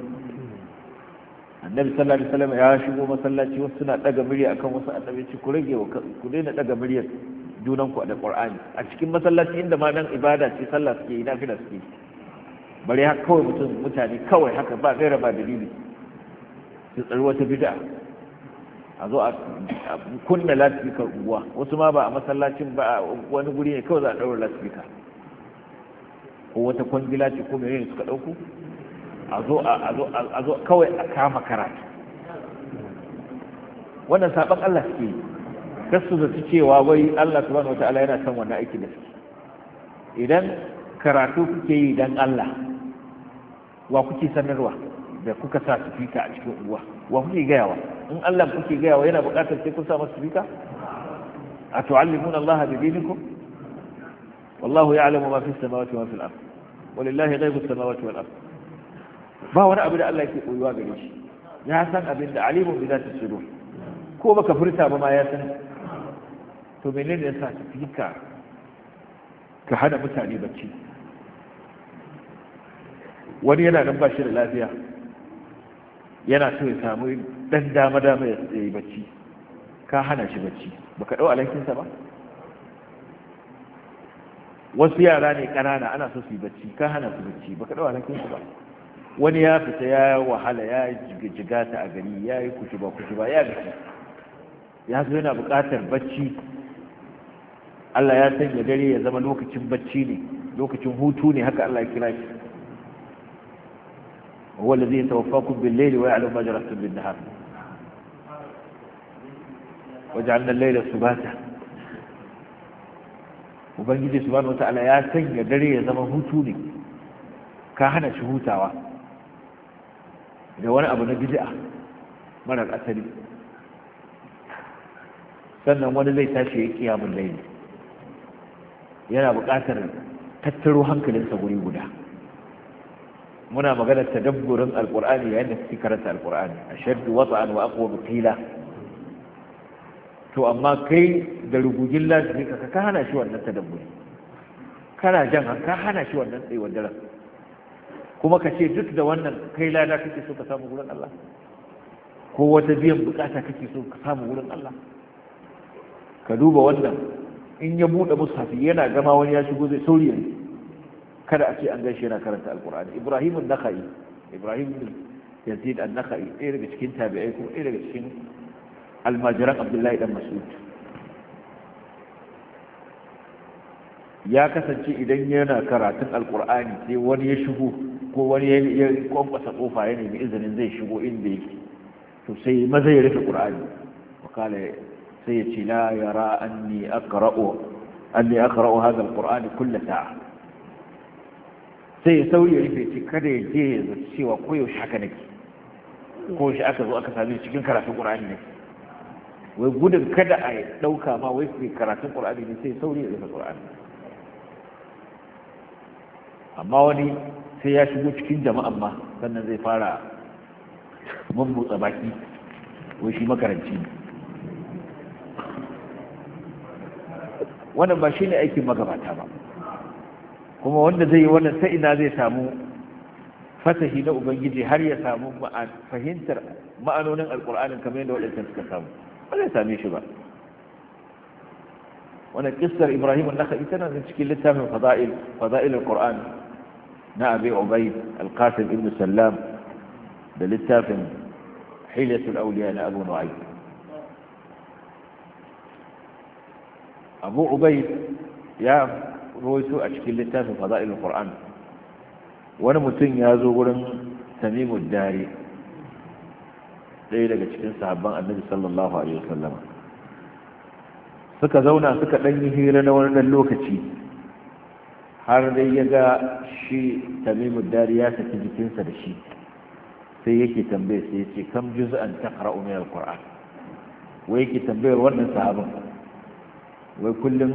annabi sallallahu alaihi wasallam ya shigo masallaci wasu suna daga murya akan wasu annabi ku rage wa ku daina daga muryar junan ku da Qur'ani a cikin masallaci inda ma dan ibada ce sallah suke yi nafila suke bare haka kawai mutum mutane kawai haka ba gaira ba dalili su tsari wata bid'a a zo a kunna lasfika unguwa wasu ma ba a masallacin ba wani guri ne kawai za a ɗaura lasfika ko wata kwangila ce ko menene suka ɗauko a zo kawai a kama karatu wannan saban Allah suke yi kasu zaci cewa wai Allah subhanahu wata'ala yana son wannan aiki da suke idan karatu kuke yi dan Allah wa kuke sanarwa da kuka sa su fita a cikin uwa wa kuke gayawa in Allah kuke gayawa yana buƙatar sai kun sa masa fita a tu'allimuna Allah bi dinikum wallahu يعلم ma في السماوات وما في الأرض ولله غيب السماوات والأرض ما ba wani abu da Allah yake koyuwa gare shi ya san abin da alimun bi zati sudur ko baka furta ba ma ya san to menene yasa ka ka hana wani yana nan bashi da lafiya yana so ya samu dan dama dama ya yi bacci ka hana shi bacci baka dau sa ba wasu yara ne ƙanana ana so su yi bacci ka hana su bacci ba ka alhakin su ba wani ya fita ya wahala ya jiga ta a gari ya yi kushuba ba ya gaci ya zo yana buƙatar bacci Allah ya san ya dare ya zama lokacin bacci ne lokacin hutu ne haka Allah ya kira shi huwa allazi yatawaffakum bin laili wa ya'lamu ma jarahtum bin-nahar waj'alna al ba ta. ubangiji subhanahu wata'ala ya sanya dare ya zama hutu ne ka hana shi hutawa da wani abu na bid'a marar asali sannan wani zai tashi ya kiyamun laili yana buƙatar tattaro hankalinsa guri guda muna maganar tadabburin Alƙur'ani yayin da suke karanta a ashaddu wata'an wa aqwa qila to amma kai da rugugin lafi ka ka hana shi wannan tadabburi kana jan ka hana shi wannan tsayuwar daren kuma ka ce duk da wannan kai lada kake so ka samu wurin Allah ko wata biyan bukata kake so ka samu wurin Allah ka duba wannan in ya buɗe mushafi yana gama wani ya shigo zai sauri yanzu kada a ce an gaishe yana karanta alkur'ani ibrahimun nakai ibrahimun yazid an-nakhai ɗaya daga cikin tabi'ai ko ɗaya daga cikin almajiran abdullahi dan mas'ud ya kasance idan yana karatun alkur'ani sai wani ya shigo ko wani ya kwamfasa tsofa ya nemi izinin zai shigo inda yake to sai maza ya rufe qur'ani wakala sai ya ce la yara anni aqra'u anni aqra'u hadha alqur'ani kull sa'a sai ya sauri ya rufe ce kada ya je ya cewa koyaushe haka nake ko shi aka zo aka same cikin karatun qur'ani nake wai gudun kada a ɗauka ma wai su karatun ƙul'ani ne sai sauri ya zama amma wani sai ya shigo cikin jama'an ma sannan zai fara mummutsa baki wai shi makaranci ne wannan ba shi ne aikin magabata ba kuma wanda zai yi wannan sai ina zai samu fasahi na ubangiji har ya samu fahimtar ma'anonin alƙur'anin kamar yadda waɗancan suka samu ولا سامي شبه وانا قصة إبراهيم النخل إتنا نتشكي لتهم فضائل فضائل القرآن نا أبي عبيد القاسم ابن السلام لتهم حيلة الأولياء لأبو نعيم أبو عبيد يا رويسو أشكي لتهم فضائل القرآن وانا متن يا زوغرن تميم الداري ɗaya daga cikin sahabban annabi sallallahu alaihi wasallama suka zauna suka ɗan yi hira na wannan lokaci har dai ya ga shi tamimu dari ya saki jikinsa da shi sai yake tambaye sai ya ce kam juz'an taqra'u min quran wai yake tambayar wannan sahabin wai kullum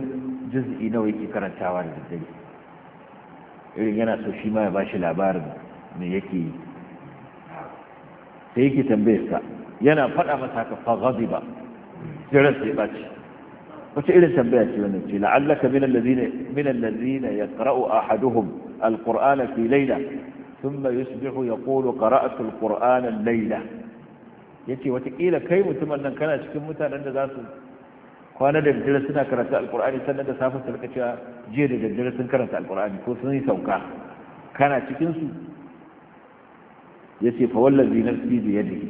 juz'i nawa yake karantawa da daddare irin yana so shi ma ya bashi labarin me yake yi da yake tambayarsa yana faɗa masa haka fa ghadiba jiran sai baci wace irin tambaya ce wannan ce la'allaka min allazina min allazina yaqra'u ahaduhum alqur'ana fi layla thumma yusbihu yaqulu qara'atu alqur'ana layla yace wata kila kai mutumin nan kana cikin mutanen da za su kwana da daddare suna karanta alkur'ani sannan da safe su rika jiya da daddare sun karanta alkur'ani ko sun yi sauka kana cikin su yace fa wallazi nafsi bi yadihi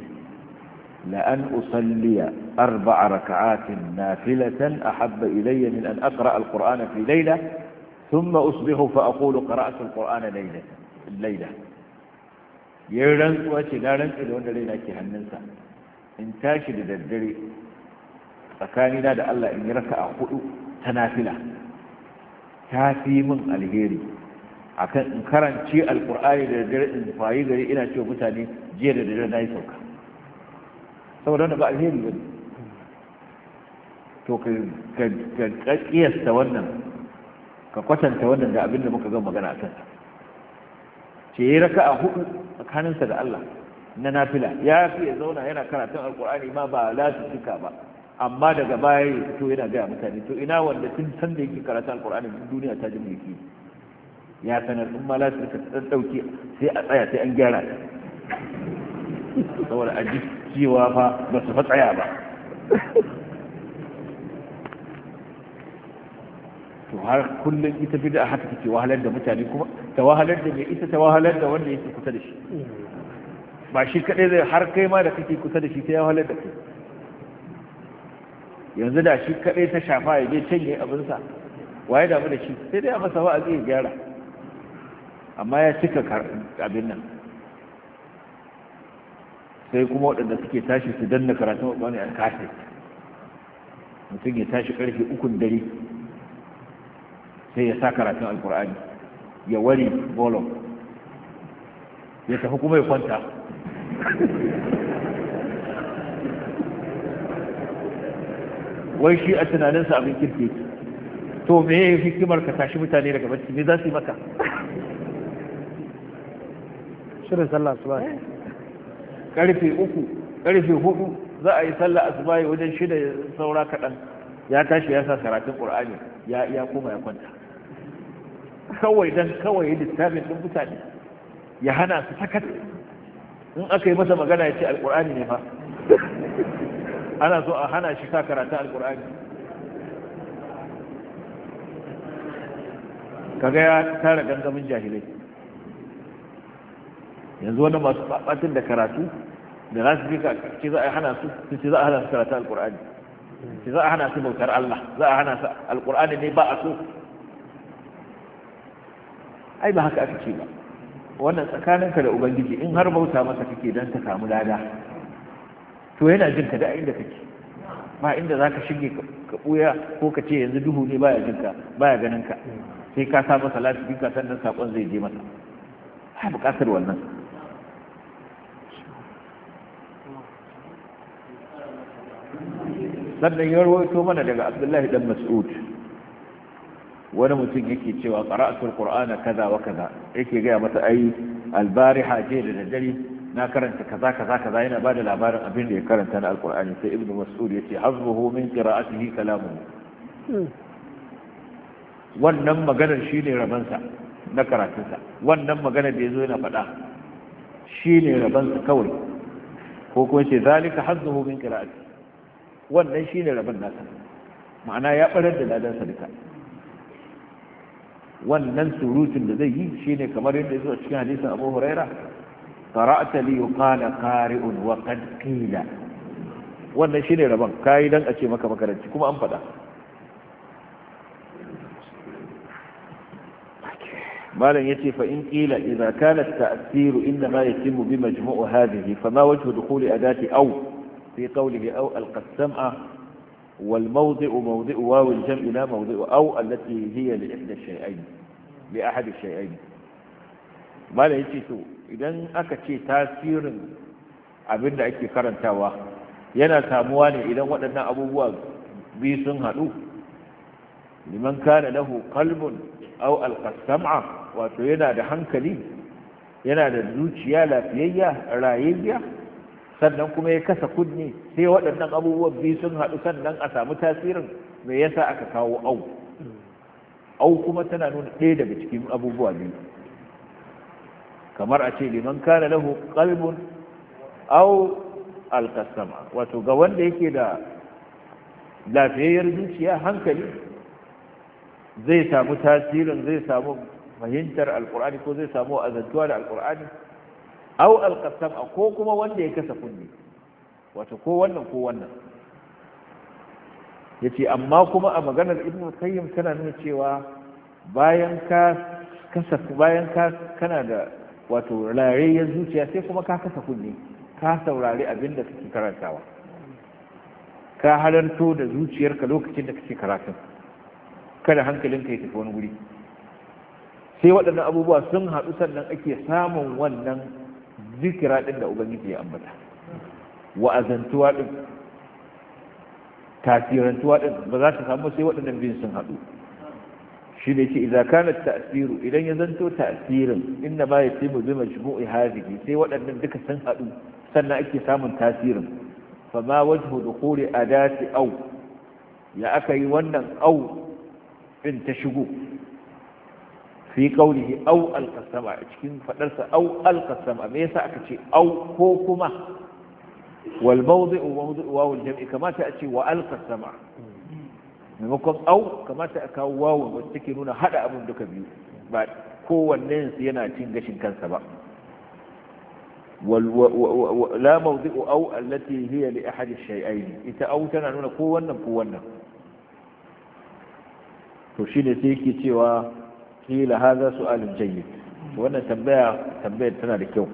la an usalliya arba'a raka'atin nafilatan ahabba ilayya min an aqra alqur'ana fi layla thumma usbihu fa aqulu qara'tu alqur'ana laylatan layla yayin rantsuwa ce na rantsa da wanda raina ke hannunsa in tashi da daddare tsakanina da Allah in yi a hudu ta nafila ta fi min alheri akan in karanci alkur'ani da dare in fayi gari ina cewa mutane jiya da dare na yi sauka saboda wanda ba alheri ba to ka kiyasta wannan ka kwatanta wannan da abin da muka ga magana akan ce yi raka a hudu tsakaninsa da Allah na nafila ya fi ya zauna yana karatun alkur'ani ma ba lafitika ba amma daga baya ya fito yana gaya mutane to ina wanda tun san da yake karatun alkur'ani duniya ta ji mulki ya sanar in ma su ka ta dauke sai a tsaya sai an gyara saboda a ji cewa fa ba su fa tsaya ba to har kullum ita bid'a haka take wahalar da mutane kuma ta wahalar da mai ita ta wahalar da wanda yake kusa da shi ba shi kadai zai har kai ma da kake kusa da shi ta wahalar da kai yanzu da shi kadai ta shafa ya je can yayi abin sa waye damu da shi sai dai a masa a zai gyara amma ya cika abin nan sai kuma waɗanda suke tashi su danna karatun ƙwani a mutum ya tashi ƙarfe ukun dare sai ya sa karatun alƙur'ani ya wari bolon ya tafi kuma ya kwanta wai shi a tunaninsa abin kirki to me ya yi hikimar ka tashi mutane daga bacci me za su yi maka shirin sallah asuba karfe uku karfe hudu za a yi sallah asuba wajen shida saura kaɗan ya tashi ya sa karatun qur'ani ya ya koma ya kwanta kawai dan kawai littafin din mutane ya hana su sakat in aka yi masa magana ya ce alqur'ani ne fa ana so a hana shi sa karatun alqur'ani kaga ya tara gangamin jahilai yanzu wani masu batin da karatu da za su fi ce za a hana su ce za a hana su karatu alkur'ani ce za a hana su bautar Allah za a hana su alkur'ani ne ba a so ai ba haka aka ce ba wannan tsakaninka da ubangiji in har bauta masa kake don ta samu lada to yana jin ka da inda kake ba inda za ka shige ka ɓuya ko ka ce yanzu duhu ne baya jin ka baya ganin ka sai ka sa masa lafi ka sannan sakon zai je masa ba buƙatar wannan sannan ya rawaito mana daga abdullah dan mas'ud wani mutum yake cewa qara'atul qur'ana kaza wa kaza yake ga mata ai albariha je da dare na karanta kaza kaza kaza yana bada labarin abin da ya karanta na alqur'ani sai ibnu mas'ud yace hazbuhu min qira'atihi kalamu." wannan maganar shine sa na karatun sa. wannan maganar da yazo yana faɗa shine sa kawai ko kuma ce zalika hazbuhu min qira'atihi wannan shi ne rabin nasa ma'ana ya barar da ladan sadaka wannan surutun da zai yi shi ne kamar yadda ya zo cikin hadisin Abu Huraira qara'ta li yuqala qari'un wa qad qila wannan shi ne rabon kai dan a ce maka makaranci kuma an faɗa malam yace fa in qila idza kana at-ta'thir inma yatimmu bi majmu' hadhihi fama wajhu dukhuli adati aw في قوله أو القى السمع والموضع موضع واو الجمع لا موضع أ التي هي لإحدى الشيئين لأحد الشيئين ما لا يجيسوا إذا ذ ن أ ك ت ي تاثير عبد الله ك ر ينا سامواني إذا ذ ا ولدنا أ ب و واب بيسن لمن كان له قلب أو و القى السمع وتينا لحنكلي ينا للزوجيا لا فييا ر sannan kuma ya kasa kunni sai waɗannan abubuwan biyu sun haɗu sannan a samu tasirin me yasa aka kawo au au kuma tana nuna ɗaya daga cikin abubuwa biyu kamar a ce liman kana lahu qalbun au alkasama wato ga wanda yake da lafiyayyar zuciya hankali zai samu tasirin zai samu fahimtar alkur'ani ko zai samu azantuwa da alkur'ani au a ko kuma wanda ya kasa kunne wato ko wannan ko wannan yace amma kuma a maganar ibnu kayyim tana nuna cewa bayan ka kasa bayan ka kana da wato ya zuciya sai kuma ka kasa kunne ka saurari abin da kake karantawa ka halarto da zuciyarka lokacin da kake karatun kada hankalinka ya tafi wani guri sai waɗannan abubuwa sun haɗu sannan ake samun wannan zikira ɗin da ubangiji ya ambata wa'azantuwa ɗin, tasirantuwa ɗin, ba za ta samu sai waɗannan biyun sun haɗu shi ne ce idan kana ta'siru idan ya zanto ta'sirin inna ma mu bi shigo hadhihi sai waɗannan duka sun haɗu sannan ake samun tasirin fa ma wajhu dukhuli adati au. ya aka yi wannan au ɗin ta shigo fi qawlihi au al a cikin fadar sa aw me yasa aka ce au ko kuma wal wa mawdi wa wal jami kamata a ce wa al-qasama maimakon au kamata a kawo wawo wacce take nuna hada abin duka biyu ba kowanne yana cin gashin kansa ba la mawdi au allati hiya li ahadi shay'ain ita au tana nuna ko wannan ko wannan to shine sai yake cewa qila hadha su'alun jayyid wannan tambaya tambayar tana da kyau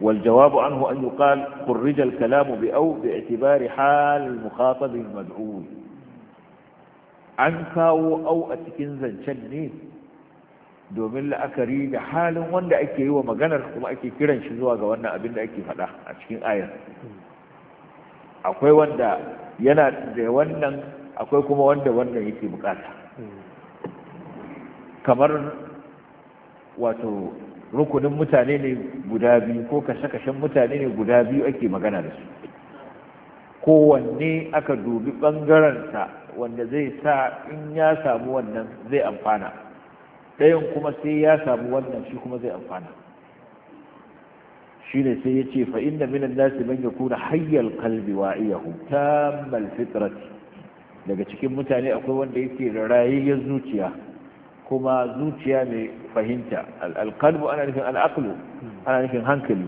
wal jawabu anhu an yuqal khurrija al kalamu bi aw bi i'tibari hal al mukhatab al mad'u an kawo au a cikin zancen ne domin la'akari da halin wanda ake yi wa maganar kuma ake kiran shi zuwa ga wannan abin da ake faɗa a cikin ayar akwai wanda yana da wannan akwai kuma wanda wannan yake bukata kamar wato rukunin mutane ne guda biyu ko kashe-kashen mutane ne guda biyu ake magana da su kowanne aka dubi ɓangarensa wanda zai sa in ya samu wannan zai amfana ɗayan kuma sai ya samu wannan shi kuma zai amfana shi ne sai ya ce fa'in da minan nasi man ya kuna hayyar kalbi wa iyahu ta malfitrat daga cikin mutane akwai wanda yake rayayyar zuciya kuma zuciya mai fahimta alƙalbu ana nufin al'aqlu ana nufin hankali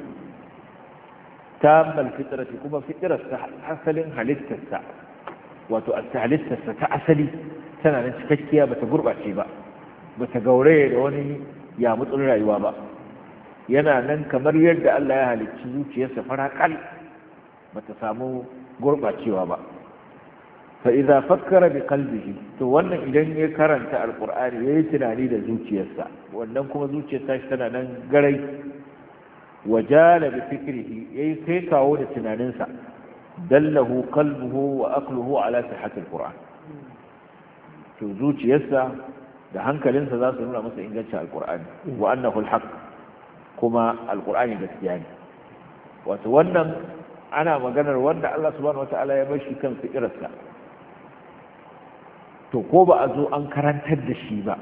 tammal fitrati kuma fitararsa asalin halittarsa wato halittarsa ta asali tana nan cikakkiya bata gurɓace ba bata gauraye da wani yamutsun rayuwa ba yana nan kamar yadda Allah ya halicci zuciyarsa farakal bata samu gurɓacewa ba فإذا فكر بقلبه تولى إليه zuciyarsa. القرآن يتنا لي لزوتي يسا وأنكم زوتي يسا اشتنا ننقري وجال بفكره يكيك عودة ننسى دله قلبه Akluhu, على صحة القرآن To zuciyarsa da hankalinsa za su nuna masa ingancin alkur'ani wa annahu alhaq kuma alkur'ani gaskiya ne wato wannan ana maganar wanda Allah subhanahu wataala ya bar shi kan fikirarsa to ko ba a zo an karantar da shi ba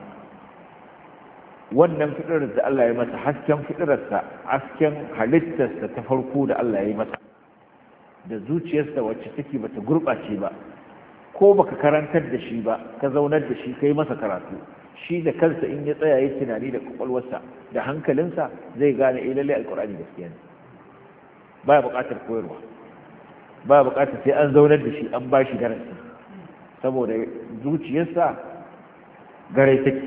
wannan fiɗirar da Allah ya masa hasken fiɗirarsa hasken halittarsa ta farko da Allah ya yi masa da zuciyarsa wacce take bata gurɓace ba ko baka karantar da shi ba ka zaunar da shi kai masa karatu shi da kansa in ya tsaya ya tunani da kwakwalwarsa da hankalinsa zai gane eh lallai alkur'ani gaskiya ne baya buƙatar koyarwa baya buƙatar sai an zaunar da shi an bashi darasi saboda zuciyarsa gare take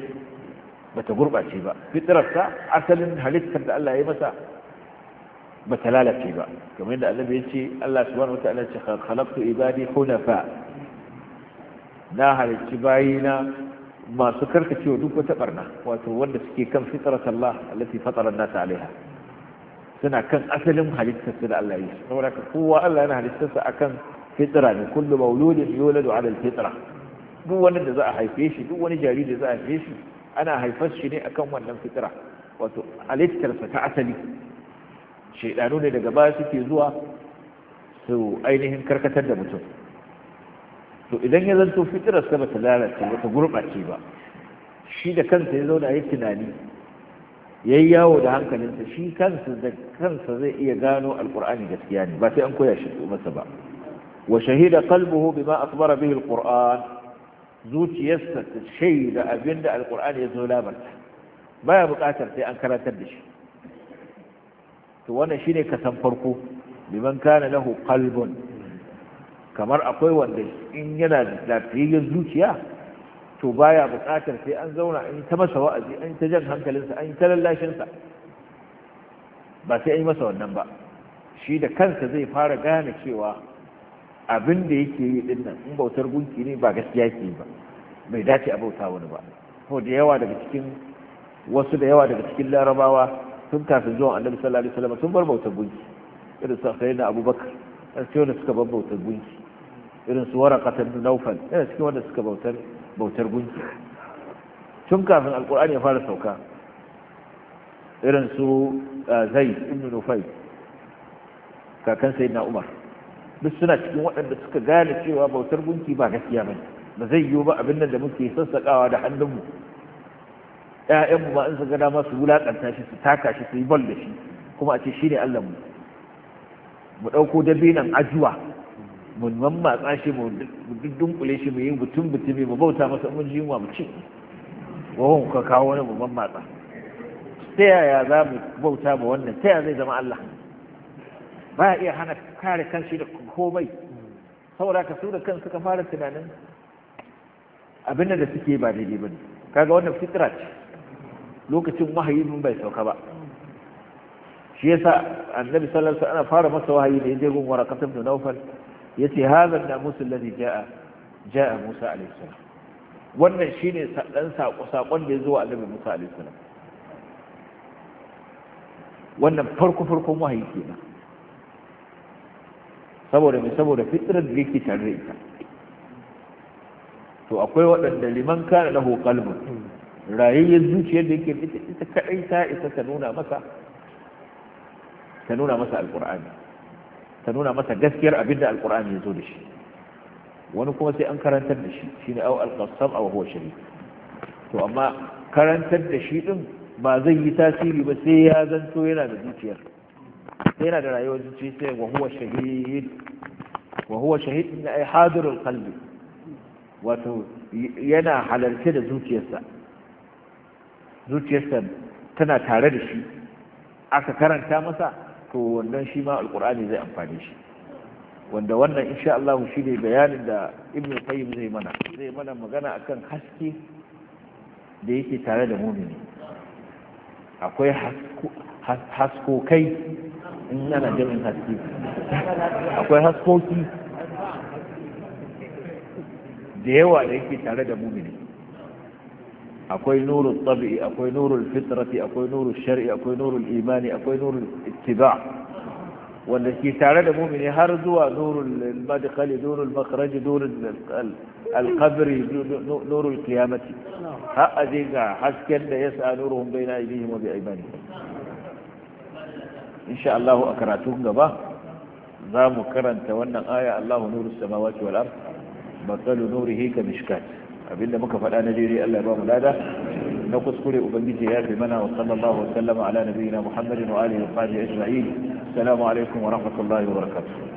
bata gurbace ba fitrarsa asalin halittar da Allah ya yi masa bata lalace ba kamar yadda Allah ya ce Allah subhanahu wataala ya ce khalaqtu ibadi hunafa na halicci bayina masu karkacewa duk wata barna wato wanda suke kan fitrat Allah allati fatara an alaiha suna kan asalin halittarsa da Allah ya yi saboda kowa Allah yana halittarsa akan fitra ne kullu mauludin yuladu ala alfitra duk wani da za a haife shi duk wani jariri da za a haife shi ana haifar shi ne akan wannan fitra wato halittarsa ta asali shaidanu ne daga baya suke zuwa su ainihin karkatar da mutum to idan ya zanto fitirarsa ba ta lalace ba ta gurɓace ba shi da kansa ya zauna ya tunani ya yawo da hankalinsa shi kansa da kansa zai iya gano Alƙur'ani gaskiya ne ba sai an koya shi masa ba wa shahida qalbuhu bima akhbara bihi alquran zuciyarsa ta shaida abinda alqur'ani ya zo labarta baya buƙatar sai an karantar da shi to wannan shine kasan farko liman kana lahu qalbun kamar akwai wanda in yana da lafiyayyar zuciya to baya buƙatar sai an zauna in ta masa wa'azi an ta jan hankalinsa an ta lallashinsa ba sai an yi masa wannan ba shi da kansa zai fara gane cewa abin da yake yi din nan in bautar gunki ne ba gaskiya ke ba bai dace a bauta wani ba ko da yawa daga cikin wasu da yawa daga cikin larabawa sun kafin zuwan annabi sallallahu alaihi wasallam sun bar bautar gunki irin su sai na abubakar irin su wanda suka bar bautar gunki irin su waraqatan naufal irin su wanda suka bautar bautar gunki tun kafin alqur'ani ya fara sauka irin su eh, zai ibn nufai kakan sayyidina umar duk suna cikin waɗanda suka gane cewa bautar gunki ba gaskiya ba ba zai yiwu ba abin nan da muke sassaƙawa da hannunmu ƴaƴanmu ba in su gada ma su wulaƙanta shi su taka shi su yi bol da shi kuma a ce shi ne allahnmu mu ɗauko dabinan ajuwa mu mammatsa shi mu dunkule shi mu yi butun butumi mu bauta masa mun ji yunwa mu ci wahon ka kawo wani mu mammatsa ta yaya za mu bauta ba wannan ta yaya zai zama allah ba iya hana kare kanshi da komai saboda ka su da kan suka fara tunanin abin da suke ba daidai ba ne kaga wannan fitra ce lokacin wahayi mun bai sauka ba shi yasa annabi sallallahu alaihi wasallam fara masa wahayi da yaje gun waraqat ibn nawfal yace hadha an-namus alladhi jaa jaa Musa alaihi salam wannan shine dan sako sakon da yazo annabi Musa alaihi salam wannan farko farkon wahayi kenan saboda mai saboda fitrar da yake tare ita to akwai waɗanda liman kare na qalbun rayuwar zuciyar da yake ita ita kadai ta isa ta nuna masa ta nuna masa alqur'ani ta nuna masa gaskiyar abin da alqur'ani ya zo da shi wani kuma sai an karantar da shi shine au alqassam aw huwa sharif to amma karantar da shi din ba zai yi tasiri ba sai ya zanto yana da zuciyar yana da rayuwar zuci sai wa huwa shahid wa huwa shahid eh, ay wato yana halarce da zuciyarsa zuciyarsa tana tare da shi aka karanta masa to wannan shi ma alqur'ani zai amfane shi wanda wannan insha Allah shi ne bayanin da ibn qayyim zai mana zai mana magana akan haske da yake tare da mumini akwai hasko kai. in ana jirin haske akwai haskoki da yawa da yake tare da mumini akwai nurul tabi'i akwai nurul fitrati akwai nurul shar'i akwai nurul imani akwai nurul ittiba wanda ke tare da mumini har zuwa nurul madkhali nurul makhraji nurul alqabri nurul qiyamati har aje ga hasken da yasa nuruhum baina aydihim wa bi aymanihim insha Allah a karatun gaba za mu karanta wannan aya Allahu nuru samawati wal ard mathalu nurihi ka mishkat abinda muka faɗa na dare Allah ya ba mu lada na kuskure ubangiji ya fi mana wa sallallahu wa sallama ala nabiyyina Muhammadin wa alihi wa sahbihi ajma'in assalamu alaikum wa rahmatullahi wa barakatuh